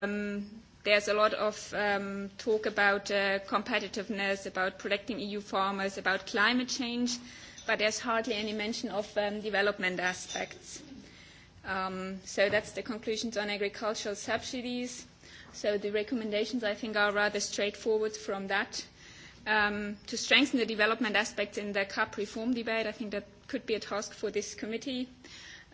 Um, there's a lot of um, talk about uh, competitiveness, about protecting EU farmers, about climate change, but there's hardly any mention of um, development aspects. Um, so that's the conclusions on agricultural subsidies. So the recommendations, I think, are rather straightforward from that. Um, to strengthen the development aspects in the CAP reform debate, I think that could be a task for this committee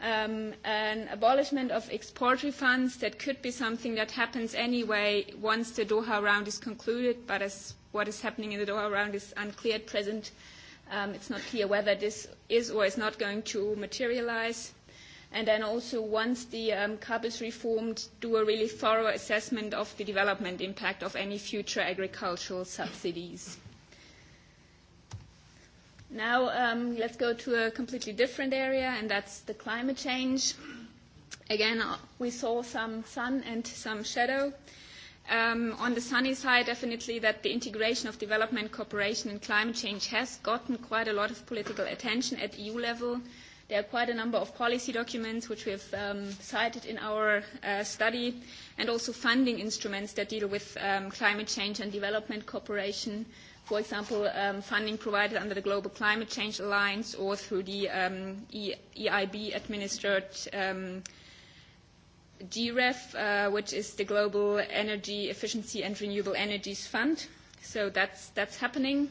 um, an abolishment of export refunds that could be something that happens anyway once the Doha round is concluded, but as what is happening in the Doha round is unclear at present, um, it's not clear whether this is or is not going to materialize. And then also once the um, CAP is reformed, do a really thorough assessment of the development impact of any future agricultural subsidies. Now um, let's go to a completely different area, and that's the climate change. Again, uh, we saw some sun and some shadow. Um, on the sunny side, definitely that the integration of development cooperation and climate change has gotten quite a lot of political attention at EU level. There are quite a number of policy documents which we have um, cited in our uh, study, and also funding instruments that deal with um, climate change and development cooperation, for example, um, funding provided under the Global Climate Change Alliance or through the um, e EIB-administered um, GREF, uh, which is the Global Energy Efficiency and Renewable Energies Fund. So that's, that's happening.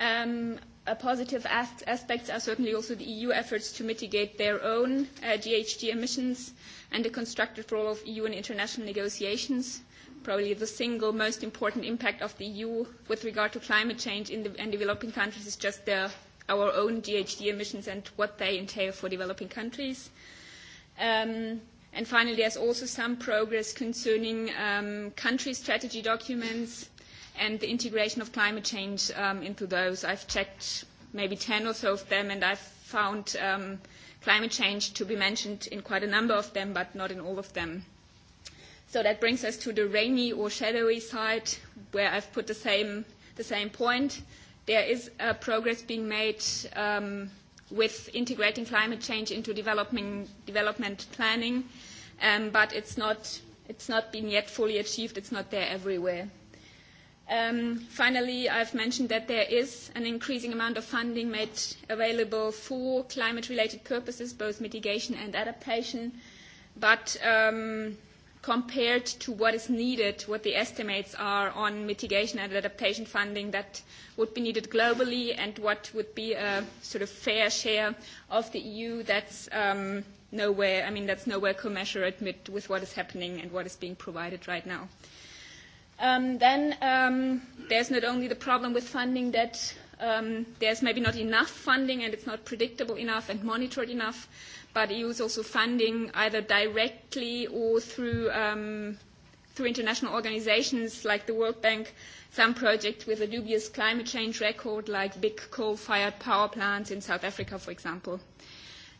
Um, a positive as- aspects are certainly also the EU efforts to mitigate their own uh, GHG emissions and the constructive role of EU in international negotiations probably the single most important impact of the EU with regard to climate change in, the, in developing countries is just the, our own GHG emissions and what they entail for developing countries. Um, and finally, there's also some progress concerning um, country strategy documents and the integration of climate change um, into those. I've checked maybe 10 or so of them, and I've found um, climate change to be mentioned in quite a number of them, but not in all of them. So that brings us to the rainy or shadowy side, where I've put the same, the same point. There is uh, progress being made um, with integrating climate change into developing, development planning, um, but it's not, it's not been yet fully achieved. It's not there everywhere. Um, finally, I've mentioned that there is an increasing amount of funding made available for climate-related purposes, both mitigation and adaptation. But um, compared to what is needed, what the estimates are on mitigation and adaptation funding that would be needed globally and what would be a sort of fair share of the EU that's um, nowhere, I mean, that's nowhere commensurate with, with what is happening and what is being provided right now. Um, then um, there's not only the problem with funding that um, there's maybe not enough funding and it's not predictable enough and monitored enough, but EU is also funding either directly or through, um, through international organizations like the World Bank, some projects with a dubious climate change record like big coal-fired power plants in South Africa, for example.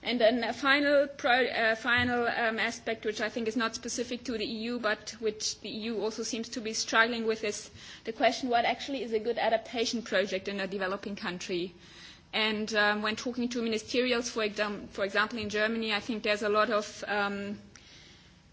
And then a final, pro, uh, final um, aspect, which I think is not specific to the EU, but which the EU also seems to be struggling with, is the question what actually is a good adaptation project in a developing country. And um, when talking to ministerials, for, exam- for example, in Germany, I think there's a lot of um,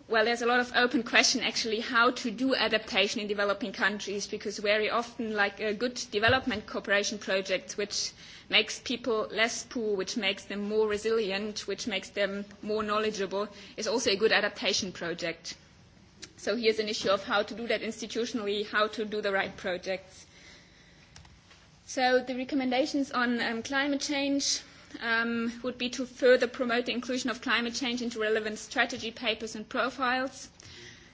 well, there's a lot of open question actually how to do adaptation in developing countries because very often, like uh, good development cooperation projects, which makes people less poor, which makes them more resilient, which makes them more knowledgeable, is also a good adaptation project. So here's an issue of how to do that institutionally, how to do the right projects. So the recommendations on um, climate change um, would be to further promote the inclusion of climate change into relevant strategy papers and profiles.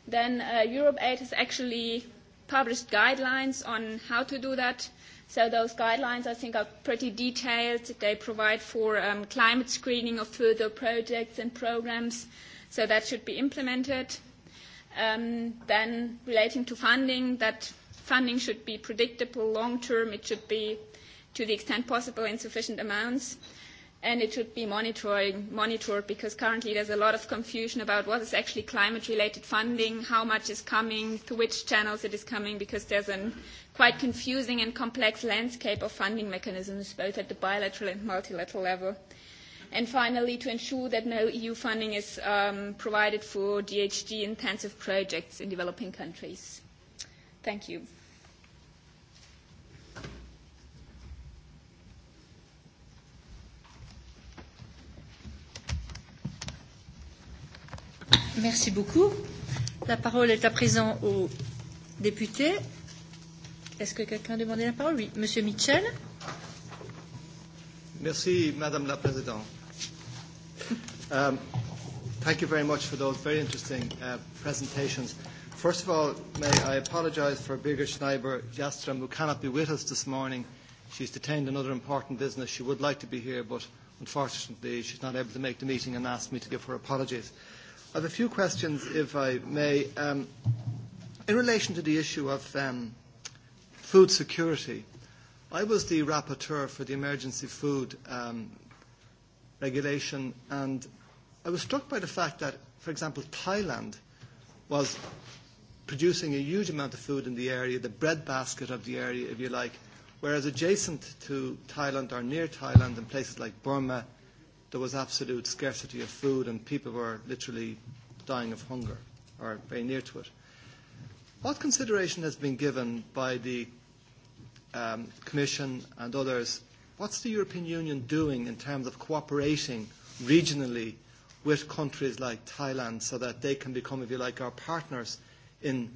Then uh, Europe Aid has actually published guidelines on how to do that. So those guidelines, I think, are pretty detailed. They provide for um, climate screening of further projects and programs, so that should be implemented. Um, then relating to funding, that funding should be predictable long term. It should be, to the extent possible, in sufficient amounts and it should be monitoring, monitored because currently there's a lot of confusion about what is actually climate related funding, how much is coming, through which channels it is coming because there's an quite confusing and complex landscape of funding mechanisms, both at the bilateral and multilateral level. And finally, to ensure that no EU funding is um, provided for DHG-intensive projects in developing countries. Thank you. Merci beaucoup. La parole est à présent aux député. Est-ce que quelqu'un a demandé la parole Oui, Monsieur Mitchell. Merci, Madame la Présidente. Um, thank you very much for those very interesting uh, presentations. First of all, may I apologise for Birgit Schneiber Jastram, who cannot be with us this morning. She's detained another important business. She would like to be here, but unfortunately, she's not able to make the meeting and asked me to give her apologies. I have a few questions, if I may. Um, in relation to the issue of um, food security. I was the rapporteur for the emergency food um, regulation, and I was struck by the fact that, for example, Thailand was producing a huge amount of food in the area, the breadbasket of the area, if you like, whereas adjacent to Thailand or near Thailand in places like Burma, there was absolute scarcity of food and people were literally dying of hunger or very near to it. What consideration has been given by the um, Commission and others, what's the European Union doing in terms of cooperating regionally with countries like Thailand so that they can become, if you like, our partners in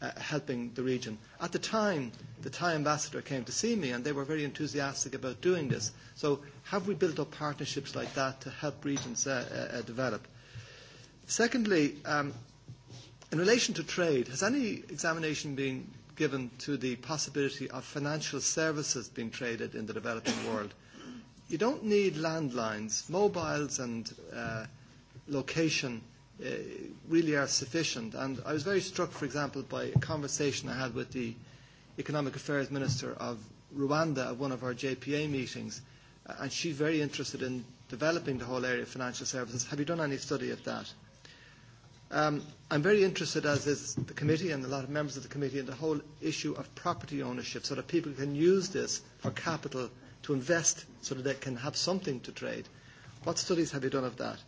uh, helping the region? At the time, the Thai ambassador came to see me and they were very enthusiastic about doing this. So have we built up partnerships like that to help regions uh, uh, develop? Secondly, um, in relation to trade, has any examination been given to the possibility of financial services being traded in the developing world. You don't need landlines. Mobiles and uh, location uh, really are sufficient. And I was very struck, for example, by a conversation I had with the Economic Affairs Minister of Rwanda at one of our JPA meetings, uh, and she's very interested in developing the whole area of financial services. Have you done any study of that? Um, I'm very interested, as is the committee and a lot of members of the committee, in the whole issue of property ownership so that people can use this for capital to invest so that they can have something to trade. What studies have you done of that?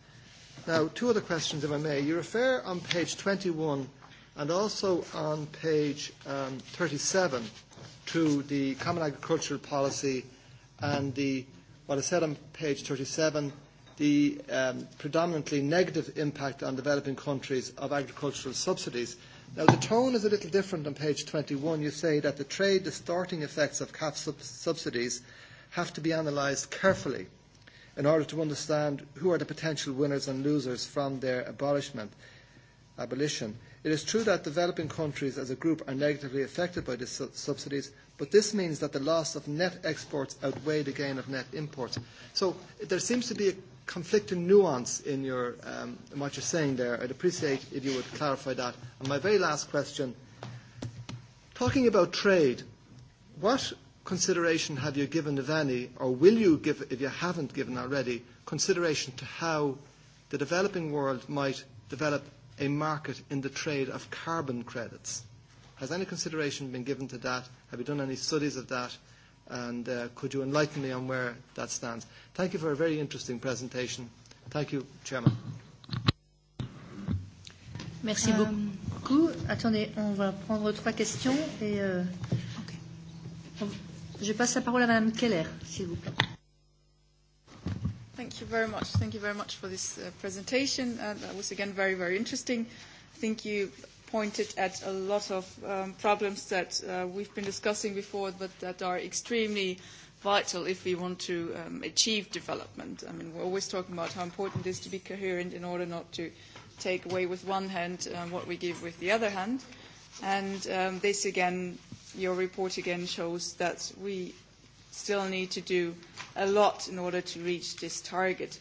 Now, two other questions, if I may. You refer on page 21 and also on page um, 37 to the Common Agricultural Policy and the, what I said on page 37 the um, predominantly negative impact on developing countries of agricultural subsidies. Now, the tone is a little different on page 21. You say that the trade distorting effects of CAP sub- subsidies have to be analysed carefully in order to understand who are the potential winners and losers from their abolishment, abolition. It is true that developing countries as a group are negatively affected by the su- subsidies, but this means that the loss of net exports outweigh the gain of net imports. So there seems to be a conflicting nuance in, your, um, in what you're saying there. I'd appreciate if you would clarify that. And my very last question, talking about trade, what consideration have you given, if any, or will you give, if you haven't given already, consideration to how the developing world might develop a market in the trade of carbon credits? Has any consideration been given to that? Have you done any studies of that? and uh, could you enlighten me on where that stands? Thank you for a very interesting presentation. Thank you, Chairman. Merci um, beaucoup. Attendez, on va prendre trois questions et euh, okay. je passe la parole à Madame Keller, s'il vous plaît. Thank you very much. Thank you very much for this uh, presentation. Uh, that was again very, very interesting. I think you pointed at a lot of um, problems that uh, we've been discussing before, but that are extremely vital if we want to um, achieve development. I mean, we're always talking about how important it is to be coherent in order not to take away with one hand um, what we give with the other hand. And um, this again, your report again shows that we still need to do a lot in order to reach this target.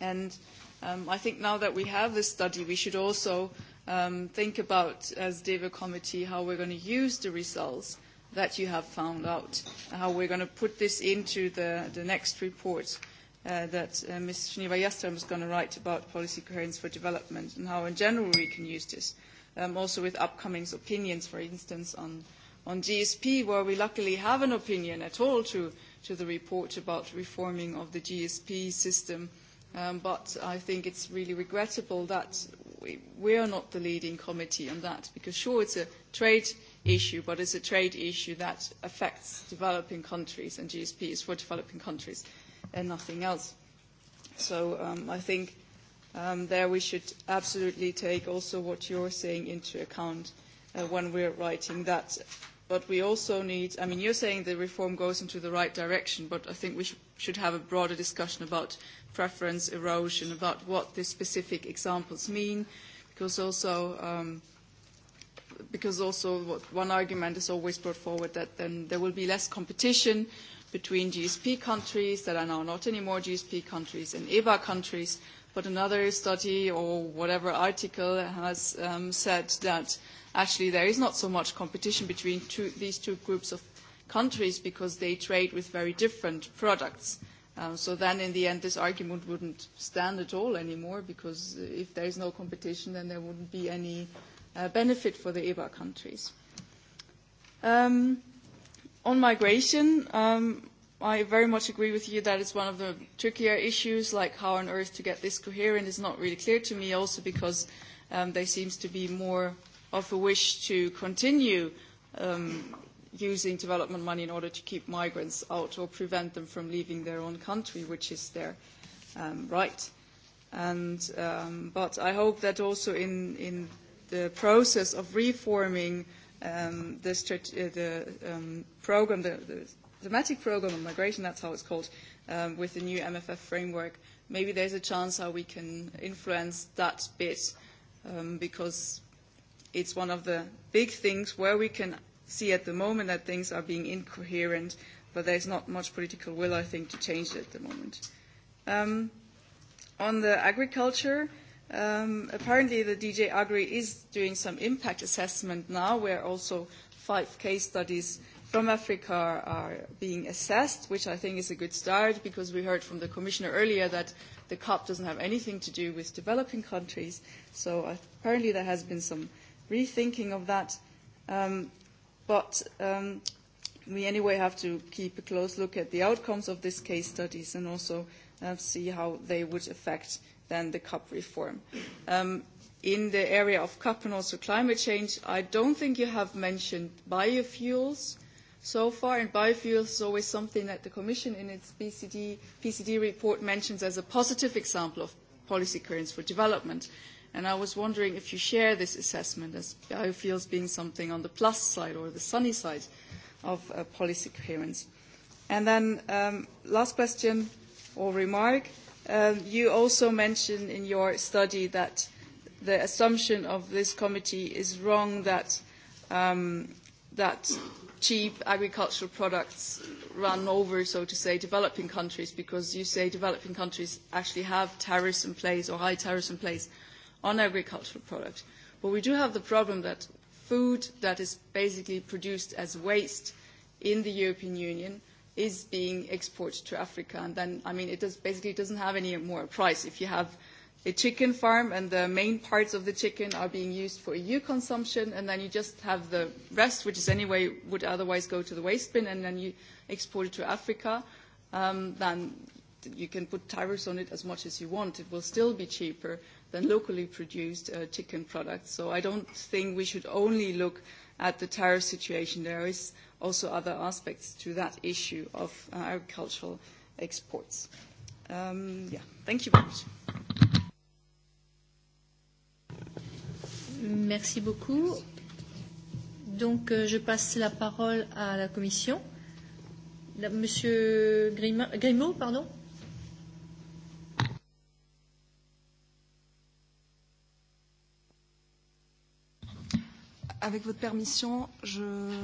And um, I think now that we have this study, we should also um, think about, as DEVA committee, how we're going to use the results that you have found out, how we're going to put this into the, the next report uh, that uh, Ms. Shniva Yastrom is going to write about policy coherence for development and how in general we can use this. Um, also with upcoming opinions, for instance, on, on GSP, where we luckily have an opinion at all to, to the report about reforming of the GSP system. Um, but I think it's really regrettable that we, we are not the leading committee on that because sure it's a trade issue but it's a trade issue that affects developing countries and GSP is for developing countries and nothing else. So um, I think um, there we should absolutely take also what you're saying into account uh, when we're writing that. But we also need, I mean, you're saying the reform goes into the right direction, but I think we should should have a broader discussion about preference erosion, about what the specific examples mean, because also um, because also what one argument is always brought forward that then there will be less competition between GSP countries that are now not anymore GSP countries and EBA countries, but another study or whatever article has um, said that actually there is not so much competition between two, these two groups of countries because they trade with very different products. Um, so then in the end this argument wouldn't stand at all anymore because if there is no competition then there wouldn't be any uh, benefit for the EBA countries. Um, on migration, um, I very much agree with you that it's one of the trickier issues, like how on earth to get this coherent is not really clear to me, also because um, there seems to be more of a wish to continue um, using development money in order to keep migrants out or prevent them from leaving their own country, which is their um, right. And, um, but I hope that also in, in the process of reforming um, the, uh, the um, program, the, the thematic program on migration, that's how it's called, um, with the new MFF framework, maybe there's a chance how we can influence that bit um, because it's one of the big things where we can see at the moment that things are being incoherent, but there's not much political will, I think, to change it at the moment. Um, on the agriculture, um, apparently the DJ Agri is doing some impact assessment now, where also five case studies from Africa are being assessed, which I think is a good start because we heard from the Commissioner earlier that the COP doesn't have anything to do with developing countries. So uh, apparently there has been some rethinking of that. Um, But um, we anyway have to keep a close look at the outcomes of these case studies and also uh, see how they would affect then the CUP reform. Um, in the area of CUP and also climate change, I don't think you have mentioned biofuels so far, and biofuels is always something that the Commission in its BCD, PCD report mentions as a positive example of policy currents for development. And I was wondering if you share this assessment as biofuels being something on the plus side or the sunny side of uh, policy coherence. And then um, last question or remark. Um, you also mentioned in your study that the assumption of this committee is wrong that, um, that cheap agricultural products run over, so to say, developing countries because you say developing countries actually have tariffs in place or high tariffs in place on agricultural products. But we do have the problem that food that is basically produced as waste in the European Union is being exported to Africa. And then, I mean, it does, basically doesn't have any more price. If you have a chicken farm and the main parts of the chicken are being used for EU consumption, and then you just have the rest, which is anyway would otherwise go to the waste bin, and then you export it to Africa, um, then you can put tariffs on it as much as you want. It will still be cheaper than locally produced uh, chicken products. So I don't think we should only look at the tariff situation. There is also other aspects to that issue of uh, agricultural exports. Um, yeah, thank you very much. Merci beaucoup. Donc, euh, je passe la parole à la Commission. Monsieur Grimaud, pardon. avec votre permission, je euh,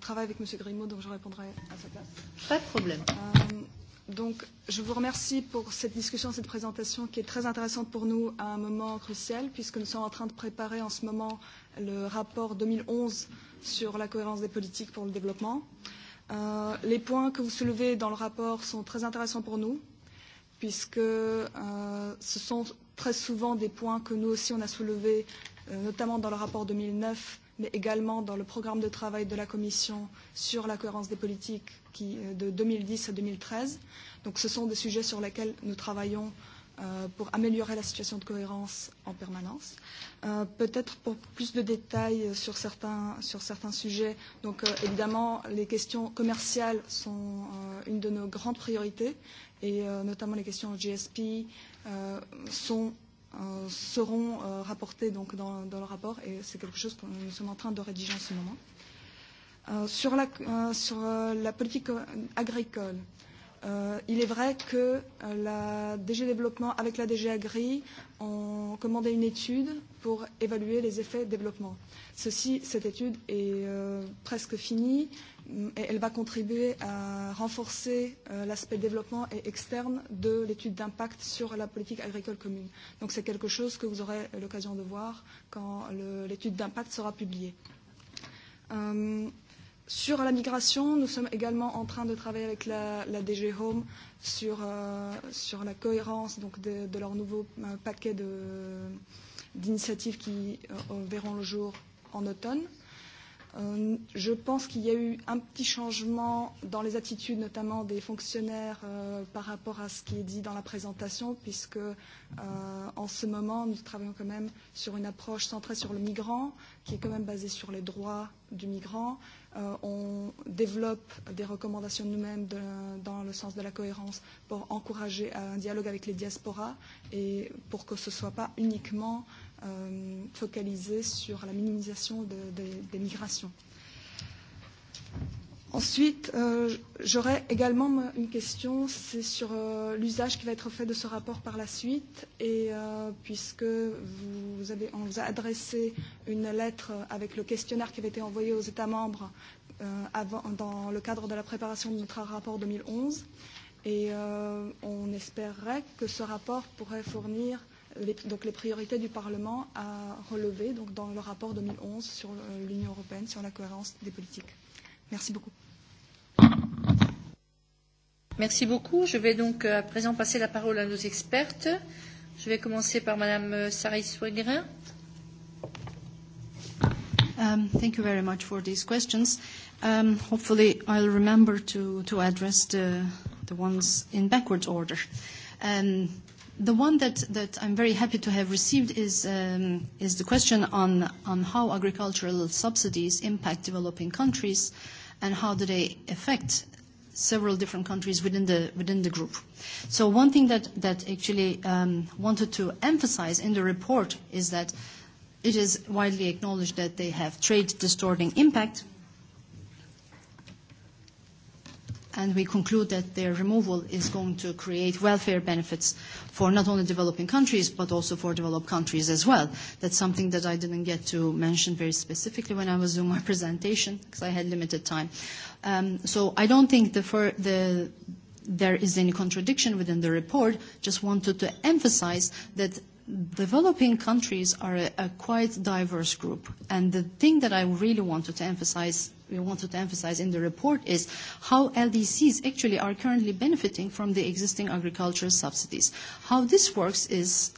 travaille avec M. Grimaud, donc je répondrai à sa place. Pas de problème. Euh, donc, je vous remercie pour cette discussion, cette présentation qui est très intéressante pour nous à un moment crucial, puisque nous sommes en train de préparer en ce moment le rapport 2011 sur la cohérence des politiques pour le développement. Euh, les points que vous soulevez dans le rapport sont très intéressants pour nous, puisque euh, ce sont très souvent des points que nous aussi on a soulevés, euh, notamment dans le rapport 2009 mais également dans le programme de travail de la Commission sur la cohérence des politiques qui, euh, de 2010 à 2013. Donc ce sont des sujets sur lesquels nous travaillons euh, pour améliorer la situation de cohérence en permanence. Euh, Peut-être pour plus de détails sur certains, sur certains sujets, donc euh, évidemment les questions commerciales sont euh, une de nos grandes priorités et euh, notamment les questions GSP euh, sont Euh, seront euh, rapportées donc, dans, dans le rapport et c'est quelque chose que nous sommes en train de rédiger en ce moment. Euh, sur la, euh, sur euh, la politique euh, agricole, euh, il est vrai que euh, la DG Développement avec la DG Agri ont commandé une étude pour évaluer les effets développement. Ceci, cette étude est euh, presque finie elle va contribuer à renforcer euh, l'aspect développement et externe de l'étude d'impact sur la politique agricole commune. Donc c'est quelque chose que vous aurez l'occasion de voir quand l'étude d'impact sera publiée. Euh, sur la migration, nous sommes également en train de travailler avec la, la DG Home sur, euh, sur la cohérence donc de, de leur nouveau euh, paquet d'initiatives qui euh, verront le jour en automne. Euh, Euh, je pense qu'il y a eu un petit changement dans les attitudes, notamment des fonctionnaires, euh, par rapport à ce qui est dit dans la présentation, puisque euh, en ce moment, nous travaillons quand même sur une approche centrée sur le migrant, qui est quand même basée sur les droits du migrant. Euh, on développe des recommandations nous-mêmes de, dans le sens de la cohérence pour encourager un dialogue avec les diasporas et pour que ce ne soit pas uniquement euh, euh, focalisée sur la minimisation de, de, des migrations. Ensuite, euh, j'aurais également une question, c'est sur euh, l'usage qui va être fait de ce rapport par la suite, et euh, puisque vous avez, on vous a adressé une lettre avec le questionnaire qui avait été envoyé aux États membres euh, avant, dans le cadre de la préparation de notre rapport 2011, et euh, on espérerait que ce rapport pourrait fournir les, donc les priorités du Parlement à relever donc dans le rapport 2011 sur l'Union européenne, sur la cohérence des politiques. Merci beaucoup. Merci beaucoup. Je vais donc euh, à présent passer la parole à nos expertes. Je vais commencer par Madame euh, Saris Swegrin. Um, thank you very much for these questions. Um, hopefully, I'll remember to, to address the, the ones in backwards order. Um, The one that, that I'm very happy to have received is, um, is the question on, on how agricultural subsidies impact developing countries and how do they affect several different countries within the, within the group. So one thing that, that actually um, wanted to emphasize in the report is that it is widely acknowledged that they have trade distorting impact and we conclude that their removal is going to create welfare benefits for not only developing countries but also for developed countries as well. That's something that I didn't get to mention very specifically when I was doing my presentation because I had limited time. Um, so I don't think the, fir- the there is any contradiction within the report. Just wanted to emphasize that developing countries are a, a quite diverse group. And the thing that I really wanted to emphasize we wanted to emphasize in the report is how LDCs actually are currently benefiting from the existing agricultural subsidies. How this works is,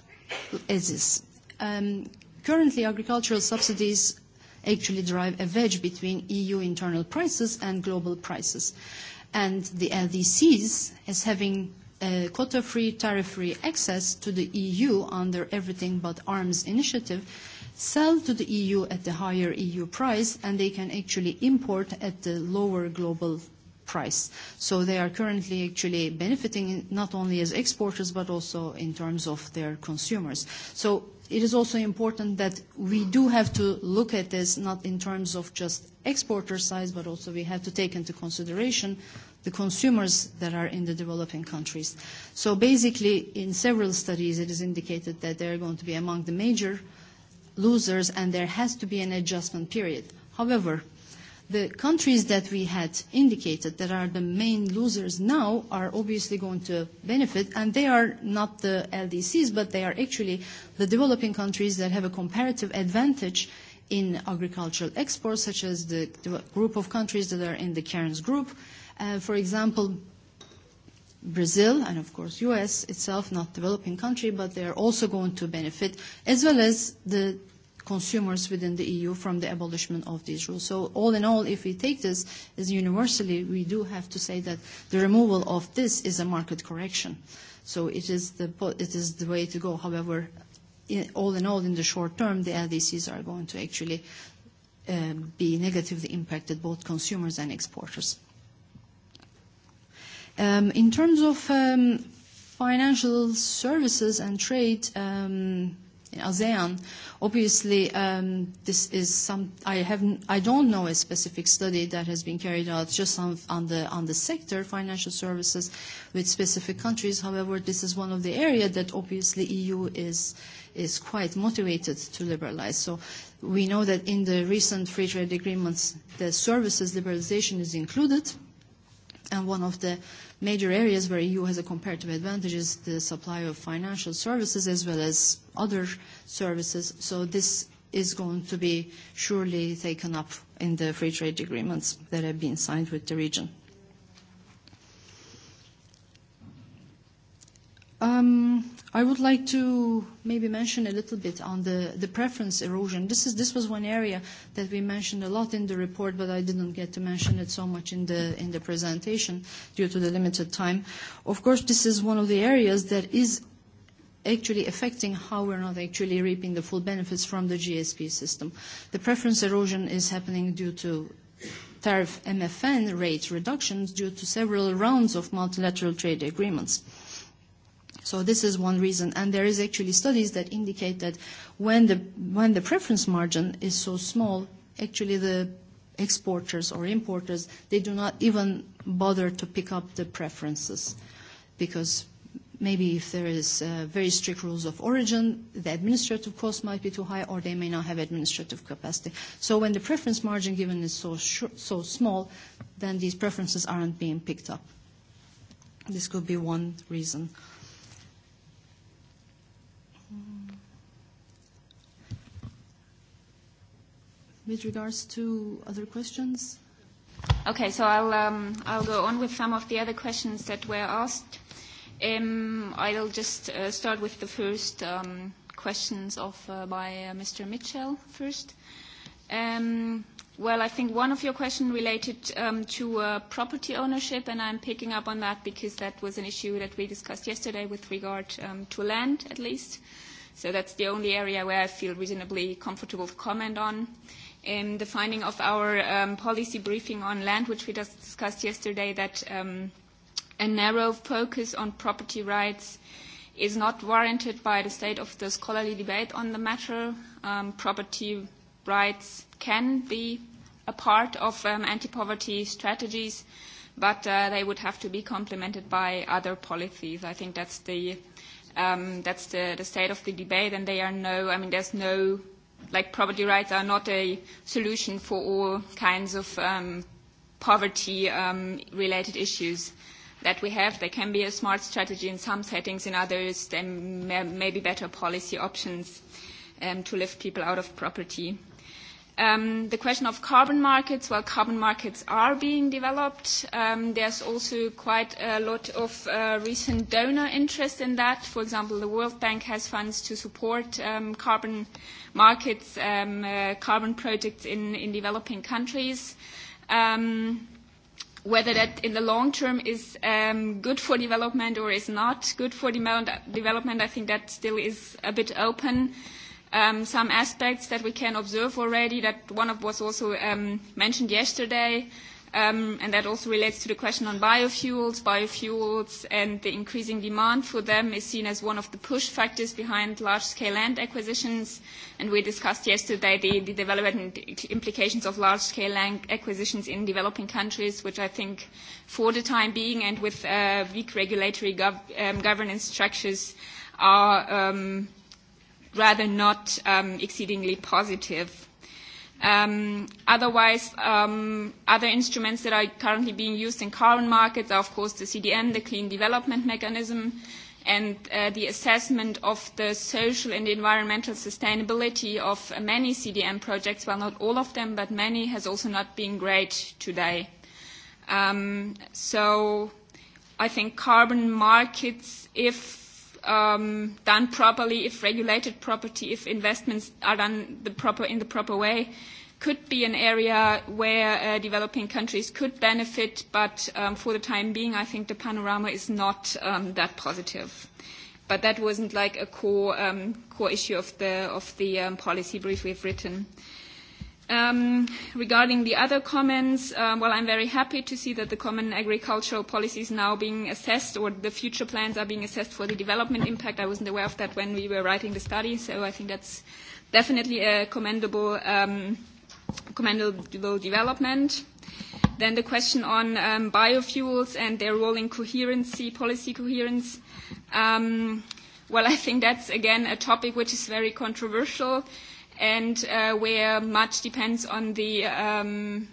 is this. Um, currently, agricultural subsidies actually drive a wedge between EU internal prices and global prices. And the LDCs, as having uh, quota-free, tariff-free access to the EU under Everything But Arms initiative sell to the EU at the higher EU price, and they can actually import at the lower global price. So they are currently actually benefiting not only as exporters, but also in terms of their consumers. So it is also important that we do have to look at this not in terms of just exporter size, but also we have to take into consideration the consumers that are in the developing countries. So basically, in several studies, it is indicated that they're going to be among the major losers, and there has to be an adjustment period. However, the countries that we had indicated that are the main losers now are obviously going to benefit, and they are not the LDCs, but they are actually the developing countries that have a comparative advantage in agricultural exports, such as the group of countries that are in the Cairns Group, Uh, for example, Brazil and of course US itself, not developing country, but they are also going to benefit, as well as the consumers within the EU from the abolishment of these rules. So all in all, if we take this as universally, we do have to say that the removal of this is a market correction. So it is the, it is the way to go. However, in, all in all, in the short term, the LDCs are going to actually um, be negatively impacted both consumers and exporters. Um, in terms of um, financial services and trade um, in ASEAN, obviously um, this is some. I haven't. I don't know a specific study that has been carried out just on, on the on the sector financial services with specific countries. However, this is one of the areas that obviously EU is is quite motivated to liberalize. So we know that in the recent free trade agreements, the services liberalization is included. And one of the major areas where EU has a comparative advantage is the supply of financial services as well as other services. So this is going to be surely taken up in the free trade agreements that have been signed with the region. Um, I would like to maybe mention a little bit on the, the preference erosion. This, is, this was one area that we mentioned a lot in the report, but I didn't get to mention it so much in the, in the presentation due to the limited time. Of course, this is one of the areas that is actually affecting how we're not actually reaping the full benefits from the GSP system. The preference erosion is happening due to tariff MFN rate reductions due to several rounds of multilateral trade agreements. So this is one reason. And there is actually studies that indicate that when the, when the preference margin is so small, actually the exporters or importers, they do not even bother to pick up the preferences because maybe if there is uh, very strict rules of origin, the administrative cost might be too high or they may not have administrative capacity. So when the preference margin given is so, short, so small, then these preferences aren't being picked up. This could be one reason. with regards to other questions? Okay, so I'll, um, I'll go on with some of the other questions that were asked. Um, I'll just uh, start with the first um, questions of, uh, by uh, Mr. Mitchell first. Um, well, I think one of your questions related um, to uh, property ownership, and I'm picking up on that because that was an issue that we discussed yesterday with regard um, to land, at least. So that's the only area where I feel reasonably comfortable to comment on in the finding of our um, policy briefing on land, which we just discussed yesterday, that um, a narrow focus on property rights is not warranted by the state of the scholarly debate on the matter. Um, property rights can be a part of um, anti-poverty strategies, but uh, they would have to be complemented by other policies. I think that's the um, that's the, the state of the debate, and they are no. I mean, there's no like property rights are not a solution for all kinds of um, poverty um, related issues that we have. They can be a smart strategy in some settings, in others there may, may be better policy options um, to lift people out of property. Um, the question of carbon markets, well, carbon markets are being developed. Um, there's also quite a lot of uh, recent donor interest in that. For example, the World Bank has funds to support um, carbon markets, um, uh, carbon projects in, in developing countries. Um, whether that in the long term is um, good for development or is not good for development, I think that still is a bit open um, some aspects that we can observe already that one of was also um, mentioned yesterday, um, and that also relates to the question on biofuels. Biofuels and the increasing demand for them is seen as one of the push factors behind large-scale land acquisitions, and we discussed yesterday the, the development implications of large-scale land acquisitions in developing countries, which I think for the time being and with uh, weak regulatory gov um, governance structures are um, – rather not um, exceedingly positive. Um, otherwise, um, other instruments that are currently being used in current markets are, of course, the CDM, the Clean Development Mechanism, and uh, the assessment of the social and environmental sustainability of many CDM projects, well, not all of them, but many, has also not been great today. Um, so I think carbon markets, if um, done properly, if regulated property, if investments are done the proper, in the proper way, could be an area where uh, developing countries could benefit, but um, for the time being, I think the panorama is not um, that positive. But that wasn't like a core, um, core issue of the, of the um, policy brief we've written. Um, regarding the other comments, um, well, I'm very happy to see that the common agricultural policy is now being assessed, or the future plans are being assessed for the development impact. I wasn't aware of that when we were writing the study, so I think that's definitely a commendable, um, commendable development. Then the question on um, biofuels and their role in coherency, policy coherence. Um, well, I think that's again a topic which is very controversial and uh, where much depends on the um,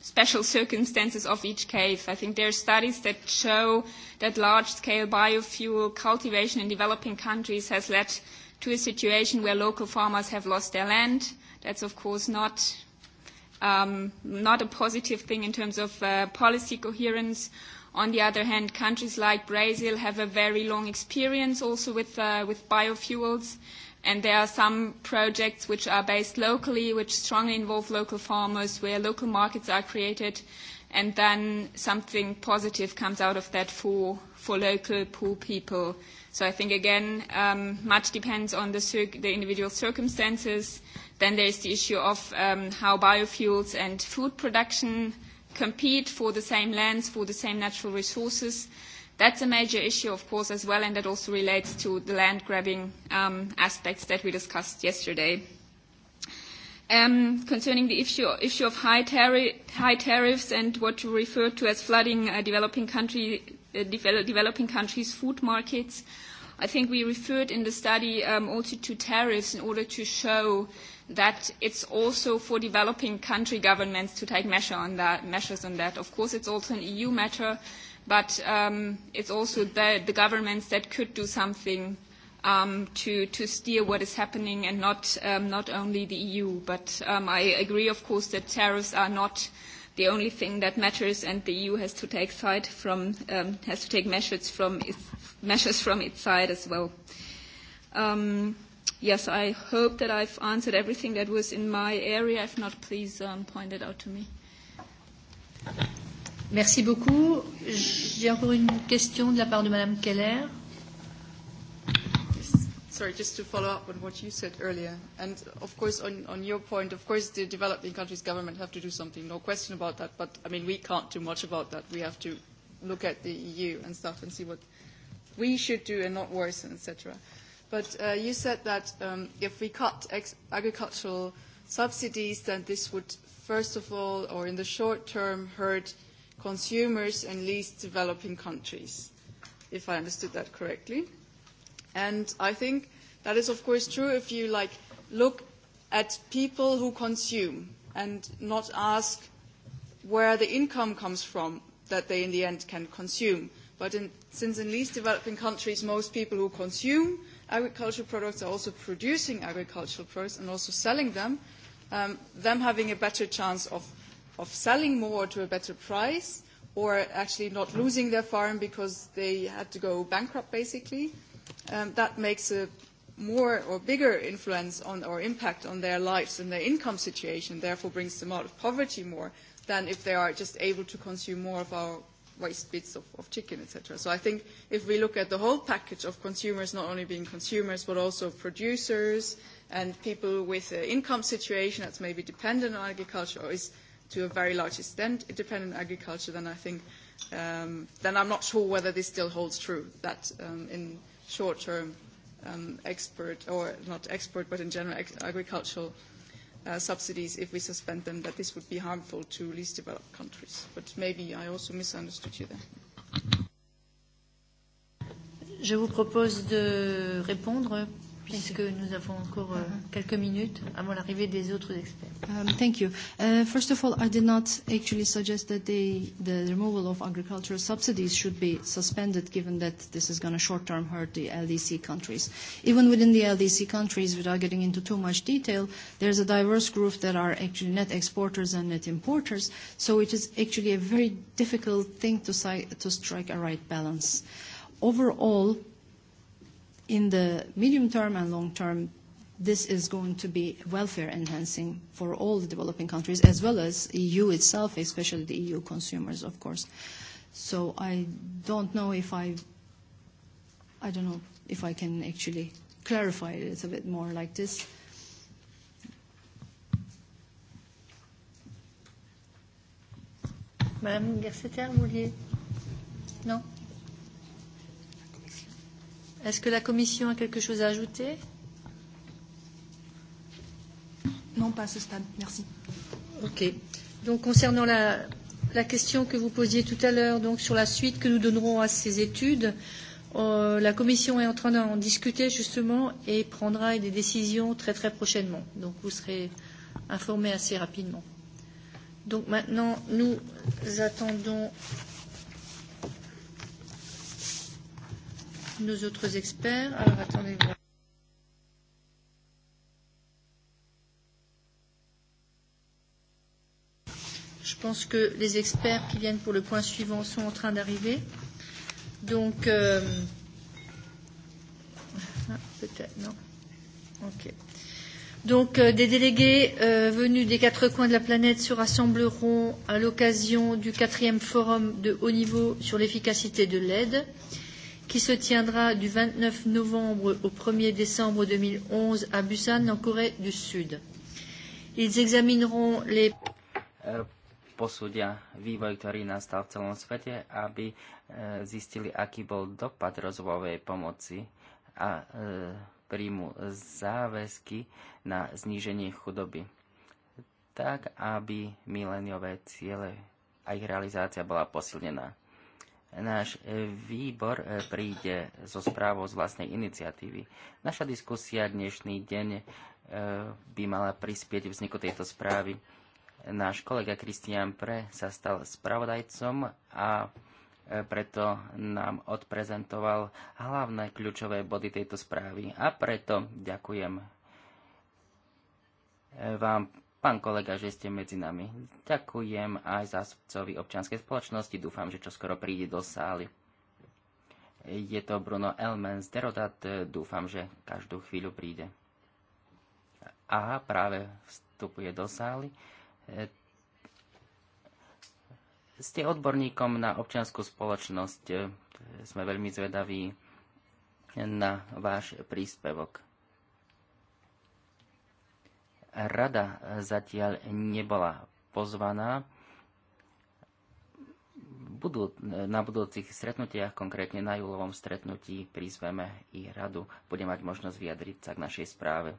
special circumstances of each case. I think there are studies that show that large-scale biofuel cultivation in developing countries has led to a situation where local farmers have lost their land. That's, of course, not, um, not a positive thing in terms of uh, policy coherence. On the other hand, countries like Brazil have a very long experience also with, uh, with biofuels. And there are some projects which are based locally, which strongly involve local farmers, where local markets are created, and then something positive comes out of that for, for local poor people. So I think, again, um, much depends on the, cir- the individual circumstances. Then there is the issue of um, how biofuels and food production compete for the same lands, for the same natural resources. That's a major issue, of course, as well, and that also relates to the land grabbing um, aspects that we discussed yesterday. Um, concerning the issue, issue of high, tari- high tariffs and what you referred to as flooding uh, developing, country, uh, developing countries' food markets, I think we referred in the study um, also to tariffs in order to show that it's also for developing country governments to take measure on that, measures on that. Of course, it's also an EU matter, but um, it's also the, the governments that could do something um, to, to steer what is happening and not, um, not only the EU. But um, I agree, of course, that tariffs are not the only thing that matters and the EU has to take side from, um, has to take measures from its, measures from its side as well. Um, yes, I hope that I've answered everything that was in my area. If not, please um, point it out to me. Merci beaucoup. J'ai encore une question de la part de Madame Keller. Sorry, just to follow up on what you said earlier, and of course on, on your point, of course the developing countries' government have to do something, no question about that, but I mean we can't do much about that. We have to look at the EU and stuff and see what we should do and not worsen, etc. But uh, you said that um, if we cut ex agricultural subsidies, then this would first of all, or in the short term, hurt consumers in least developing countries, if I understood that correctly. And I think that is, of course, true if you like look at people who consume and not ask where the income comes from that they in the end can consume. But in, since in least developing countries, most people who consume agricultural products are also producing agricultural products and also selling them, um, them having a better chance of of selling more to a better price or actually not losing their farm because they had to go bankrupt basically, um, that makes a more or bigger influence on or impact on their lives and their income situation, therefore brings them out of poverty more than if they are just able to consume more of our waste bits of, of chicken, etc. So I think if we look at the whole package of consumers not only being consumers but also producers and people with an income situation that's maybe dependent on agriculture or is to a very large extent dependent agriculture, then I think um, then I'm not sure whether this still holds true that um, in short term um, export or not export but in general ex- agricultural uh, subsidies if we suspend them that this would be harmful to least developed countries. But maybe I also misunderstood you there. Je vous propose de répondre puisque nous avons encore uh, quelques minutes avant l'arrivée des autres experts. Um, thank you. Uh, first of all, I did not actually suggest that they, the removal of agricultural subsidies should be suspended, given that this is going to short-term hurt the LDC countries. Even within the LDC countries, without getting into too much detail, there's a diverse group that are actually net exporters and net importers, so it is actually a very difficult thing to, si- to strike a right balance. Overall, in the medium term and long term, this is going to be welfare enhancing for all the developing countries as well as EU itself, especially the EU consumers, of course. So I don't know if I, I don't know if I can actually clarify it a bit more like this. Madame l'universitaire, vous vouliez No? Est-ce que la Commission a quelque chose à ajouter Non, pas à ce stade. Merci. OK. Donc, concernant la, la question que vous posiez tout à l'heure, donc sur la suite que nous donnerons à ces études, euh, la Commission est en train d'en discuter justement et prendra des décisions très très prochainement. Donc, vous serez informés assez rapidement. Donc, maintenant, nous attendons nos autres experts. Alors attendez voir. Je pense que les experts qui viennent pour le point suivant sont en train d'arriver. Donc, euh, ah, peut-être, non. OK. Donc, euh, des délégués euh, venus des quatre coins de la planète se rassembleront à l'occasion du quatrième forum de haut niveau sur l'efficacité de l'aide. Euh, qui se tiendra du 29 novembre au 1er décembre 2011 à Busan, en Corée du Sud. Ils examineront les eh, posúdia vývoj, ktorý nastal v celom svete, aby eh, zistili, aký bol dopad rozvojovej pomoci a eh, príjmu záväzky na zníženie chudoby, tak aby mileniové ciele a ich realizácia bola posilnená náš e, výbor e, príde so správou z vlastnej iniciatívy. Naša diskusia dnešný deň e, by mala prispieť vzniku tejto správy. Náš kolega Kristian Pre sa stal spravodajcom a preto nám odprezentoval hlavné kľúčové body tejto správy. A preto ďakujem vám Pán kolega, že ste medzi nami. Ďakujem aj zástupcovi občianskej spoločnosti. Dúfam, že čoskoro príde do sály. Je to Bruno z Derodat. Dúfam, že každú chvíľu príde. Aha, práve vstupuje do sály. Ste odborníkom na občianskú spoločnosť. Sme veľmi zvedaví na váš príspevok. Rada zatiaľ nebola pozvaná. Budú, na budúcich stretnutiach, konkrétne na júlovom stretnutí, prizveme i radu. Bude mať možnosť vyjadriť sa k našej správe.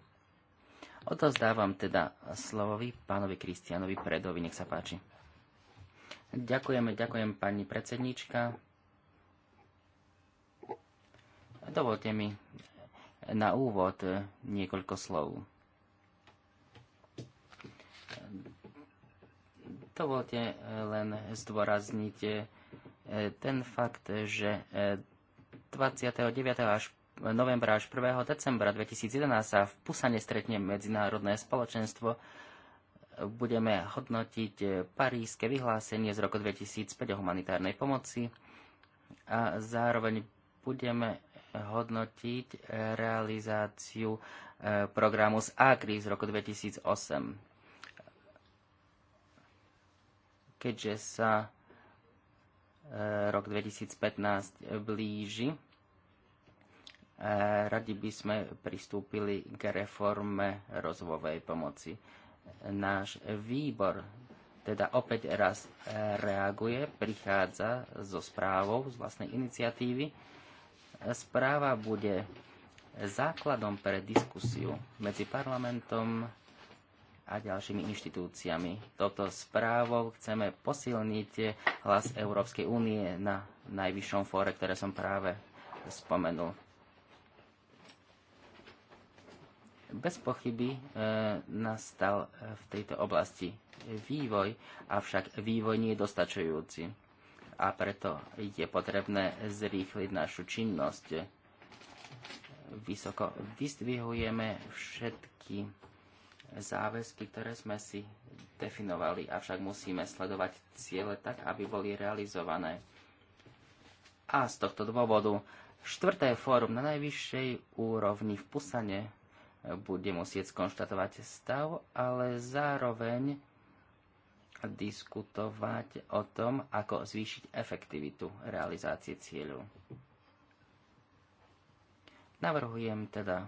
Odozdávam teda slovovi pánovi Kristianovi Predovi. Nech sa páči. Ďakujeme, ďakujem pani predsedníčka. Dovolte mi na úvod niekoľko slov. Dovolte eh, len zdôrazniť eh, ten fakt, že 29. Eh, až novembra až 1. decembra 2011 sa v Pusane stretne medzinárodné spoločenstvo. Budeme hodnotiť parížske vyhlásenie z roku 2005 o humanitárnej pomoci a zároveň budeme hodnotiť realizáciu programu z AGRI z roku 2008. keďže sa e, rok 2015 blíži. E, radi by sme pristúpili k reforme rozvojovej pomoci. Náš výbor teda opäť raz e, reaguje, prichádza so správou z vlastnej iniciatívy. Správa bude základom pre diskusiu medzi parlamentom, a ďalšími inštitúciami. Toto správou chceme posilniť hlas Európskej únie na najvyššom fóre, ktoré som práve spomenul. Bez pochyby e, nastal e, v tejto oblasti vývoj, avšak vývoj nie je dostačujúci a preto je potrebné zrýchliť našu činnosť. Vysoko vystvihujeme všetky záväzky, ktoré sme si definovali, avšak musíme sledovať ciele tak, aby boli realizované. A z tohto dôvodu štvrté fórum na najvyššej úrovni v Pusane bude musieť skonštatovať stav, ale zároveň diskutovať o tom, ako zvýšiť efektivitu realizácie cieľu. Navrhujem teda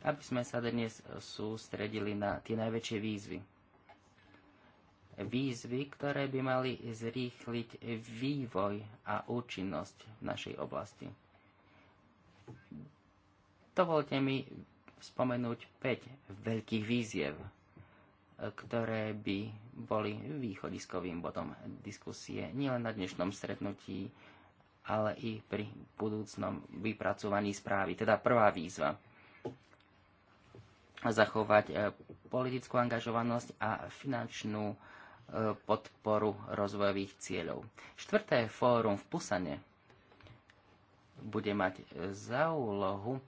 aby sme sa dnes sústredili na tie najväčšie výzvy. Výzvy, ktoré by mali zrýchliť vývoj a účinnosť v našej oblasti. Dovolte mi spomenúť 5 veľkých výziev, ktoré by boli východiskovým bodom diskusie nielen na dnešnom stretnutí, ale i pri budúcnom vypracovaní správy. Teda prvá výzva – zachovať e, politickú angažovanosť a finančnú e, podporu rozvojových cieľov. Štvrté fórum v Pusane bude mať e, za úlohu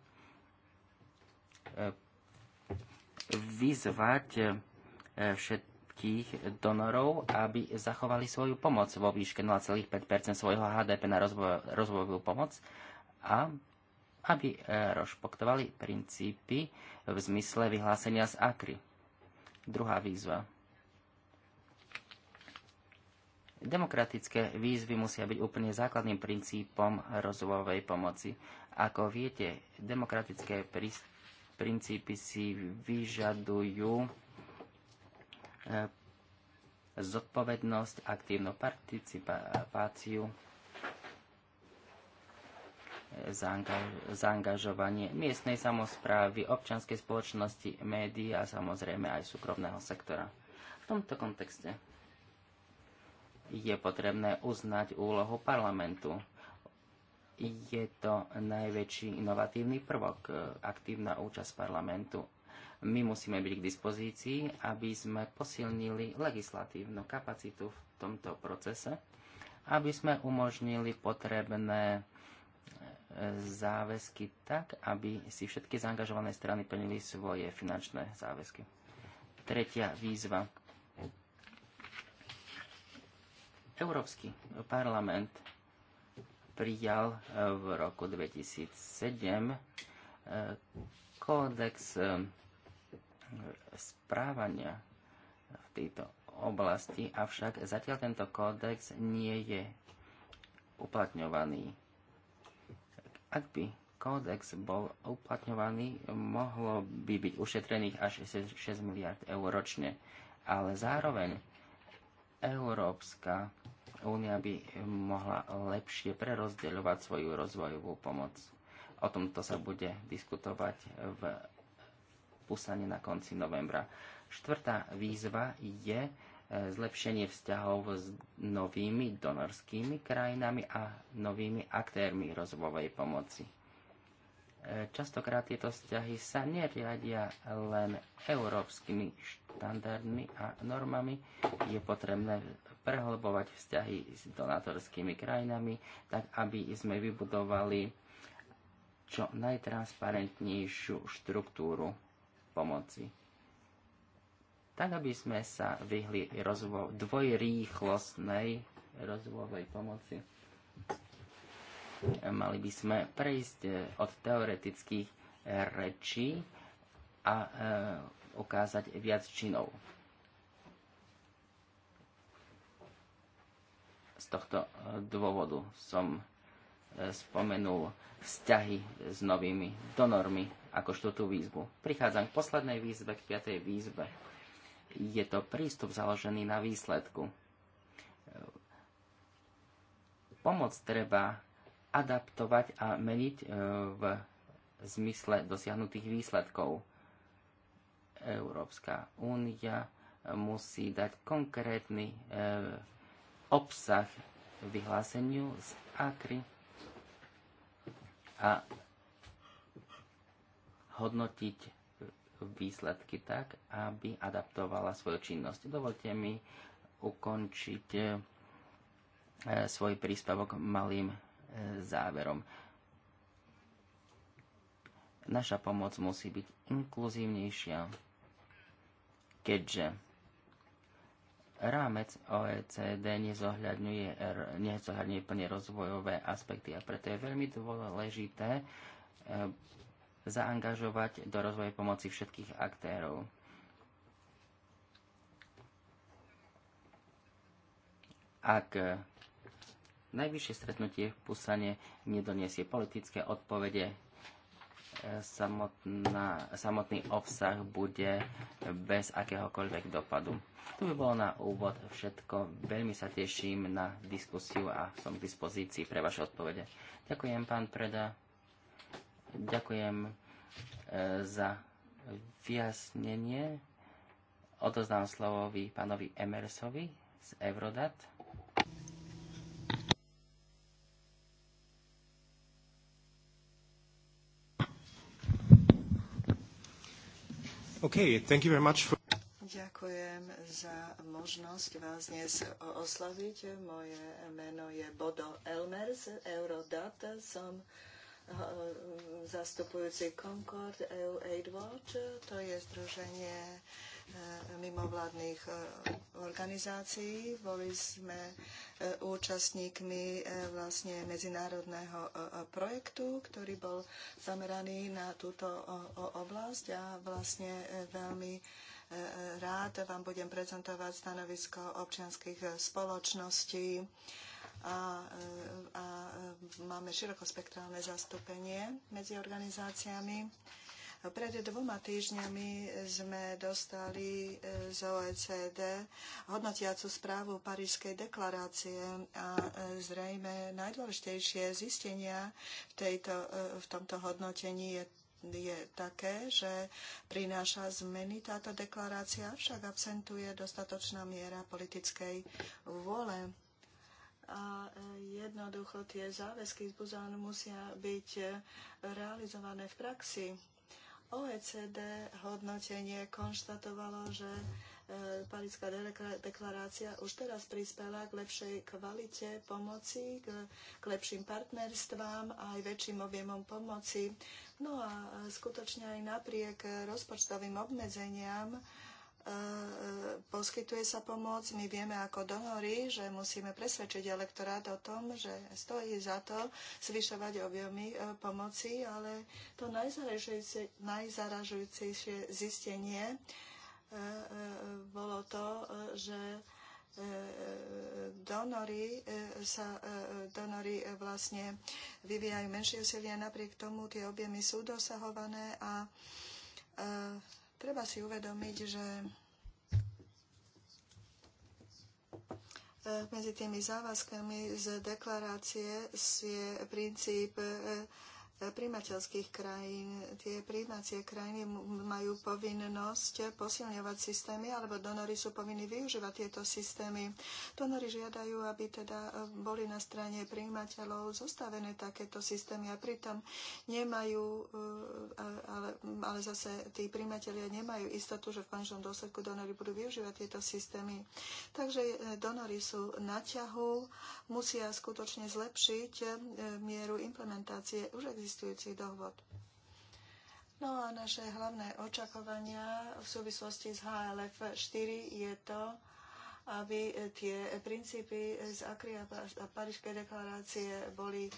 vyzvať všetkých donorov, aby zachovali svoju pomoc vo výške 0,5 svojho HDP na rozvojovú pomoc a aby e, rozpoktovali princípy v zmysle vyhlásenia z Akry. Druhá výzva. Demokratické výzvy musia byť úplne základným princípom rozvojovej pomoci. Ako viete, demokratické princípy si vyžadujú e, zodpovednosť, aktívnu participáciu zaangažovanie miestnej samozprávy, občianskej spoločnosti, médií a samozrejme aj súkromného sektora. V tomto kontexte je potrebné uznať úlohu parlamentu. Je to najväčší inovatívny prvok, e, aktívna účasť parlamentu. My musíme byť k dispozícii, aby sme posilnili legislatívnu kapacitu v tomto procese, aby sme umožnili potrebné záväzky tak, aby si všetky zaangažované strany plnili svoje finančné záväzky. Tretia výzva. Európsky parlament prijal e, v roku 2007 e, kódex e, správania v tejto oblasti, avšak zatiaľ tento kódex nie je uplatňovaný ak by kódex bol uplatňovaný, mohlo by byť ušetrených až 6 miliard eur ročne. Ale zároveň Európska únia by mohla lepšie prerozdeľovať svoju rozvojovú pomoc. O tomto sa bude diskutovať v Pusane na konci novembra. Štvrtá výzva je E, zlepšenie vzťahov s novými donorskými krajinami a novými aktérmi rozvojovej pomoci. E, častokrát tieto vzťahy sa neriadia len európskymi štandardmi a normami. Je potrebné prehlbovať vzťahy s donátorskými krajinami, tak aby sme vybudovali čo najtransparentnejšiu štruktúru pomoci tak aby sme sa vyhli rozvo- dvojrýchlostnej rozvojovej pomoci. Mali by sme prejsť e, od teoretických e, rečí a e, ukázať viac činov. Z tohto e, dôvodu som spomenul vzťahy s novými donormi ako štvrtú výzvu. Prichádzam k poslednej výzve, k piatej výzve je to prístup založený na výsledku. Pomoc treba adaptovať a meniť e, v zmysle dosiahnutých výsledkov. Európska únia musí dať konkrétny e, obsah vyhláseniu z Akry a hodnotiť výsledky tak, aby adaptovala svoju činnosť. Dovolte mi ukončiť e, svoj príspevok malým e, záverom. Naša pomoc musí byť inkluzívnejšia, keďže rámec OECD nezohľadňuje, nezohľadňuje plne rozvojové aspekty a preto je veľmi dôležité e, zaangažovať do rozvoja pomoci všetkých aktérov. Ak najvyššie stretnutie v Pusane nedoniesie politické odpovede, e, samotná, samotný obsah bude bez akéhokoľvek dopadu. To by bolo na úvod všetko. Veľmi sa teším na diskusiu a som k dispozícii pre vaše odpovede. Ďakujem, pán Preda. Ďakujem e, za vyjasnenie. Odoznám slovovi pánovi Emersovi z Eurodat. Okay, thank you very much for... Ďakujem za možnosť vás dnes oslaviť. Moje meno je Bodo Elmer z Eurodat. Som Eh, zastupujúci Concord EU Aid Watch. To je združenie eh, mimovládnych eh, organizácií. Boli sme účastníkmi vlastne medzinárodného projektu, ktorý bol zameraný na túto oblasť a vlastne veľmi rád vám budem prezentovať stanovisko občianských spoločností a, a máme širokospektrálne zastúpenie medzi organizáciami. Pred dvoma týždňami sme dostali e, z OECD hodnotiacu správu Parížskej deklarácie a e, zrejme najdôležitejšie zistenia v, tejto, e, v tomto hodnotení je je také, že prináša zmeny táto deklarácia, však absentuje dostatočná miera politickej vôle a e, jednoducho tie záväzky z Buzánu musia byť e, realizované v praxi. OECD hodnotenie konštatovalo, že e, Parická deklarácia už teraz prispela k lepšej kvalite pomoci, k, k lepším partnerstvám a aj väčším objemom pomoci. No a skutočne aj napriek rozpočtovým obmedzeniam E, poskytuje sa pomoc. My vieme ako donory, že musíme presvedčiť elektorát o tom, že stojí za to zvyšovať objemy e, pomoci, ale to najzaražujúcejšie zistenie e, bolo to, že donory, sa, donory vlastne vyvíjajú menšie úsilie, napriek tomu tie objemy sú dosahované a Treba si uvedomiť, že e, medzi tými závazkami z deklarácie je princíp e, príjmateľských krajín. Tie príjmacie krajiny majú povinnosť posilňovať systémy, alebo donory sú povinní využívať tieto systémy. Donory žiadajú, aby teda e, boli na strane príjmateľov zostavené takéto systémy a pritom nemajú, e, ale, ale zase tí príjmatelia nemajú istotu, že v konečnom dôsledku donory budú využívať tieto systémy. Takže e, donory sú na ťahu, musia skutočne zlepšiť mieru implementácie už existujúcich existujúcich dohôd. No a naše hlavné očakovania v súvislosti s HLF 4 je to, aby tie princípy z Akry a Parížskej deklarácie boli e,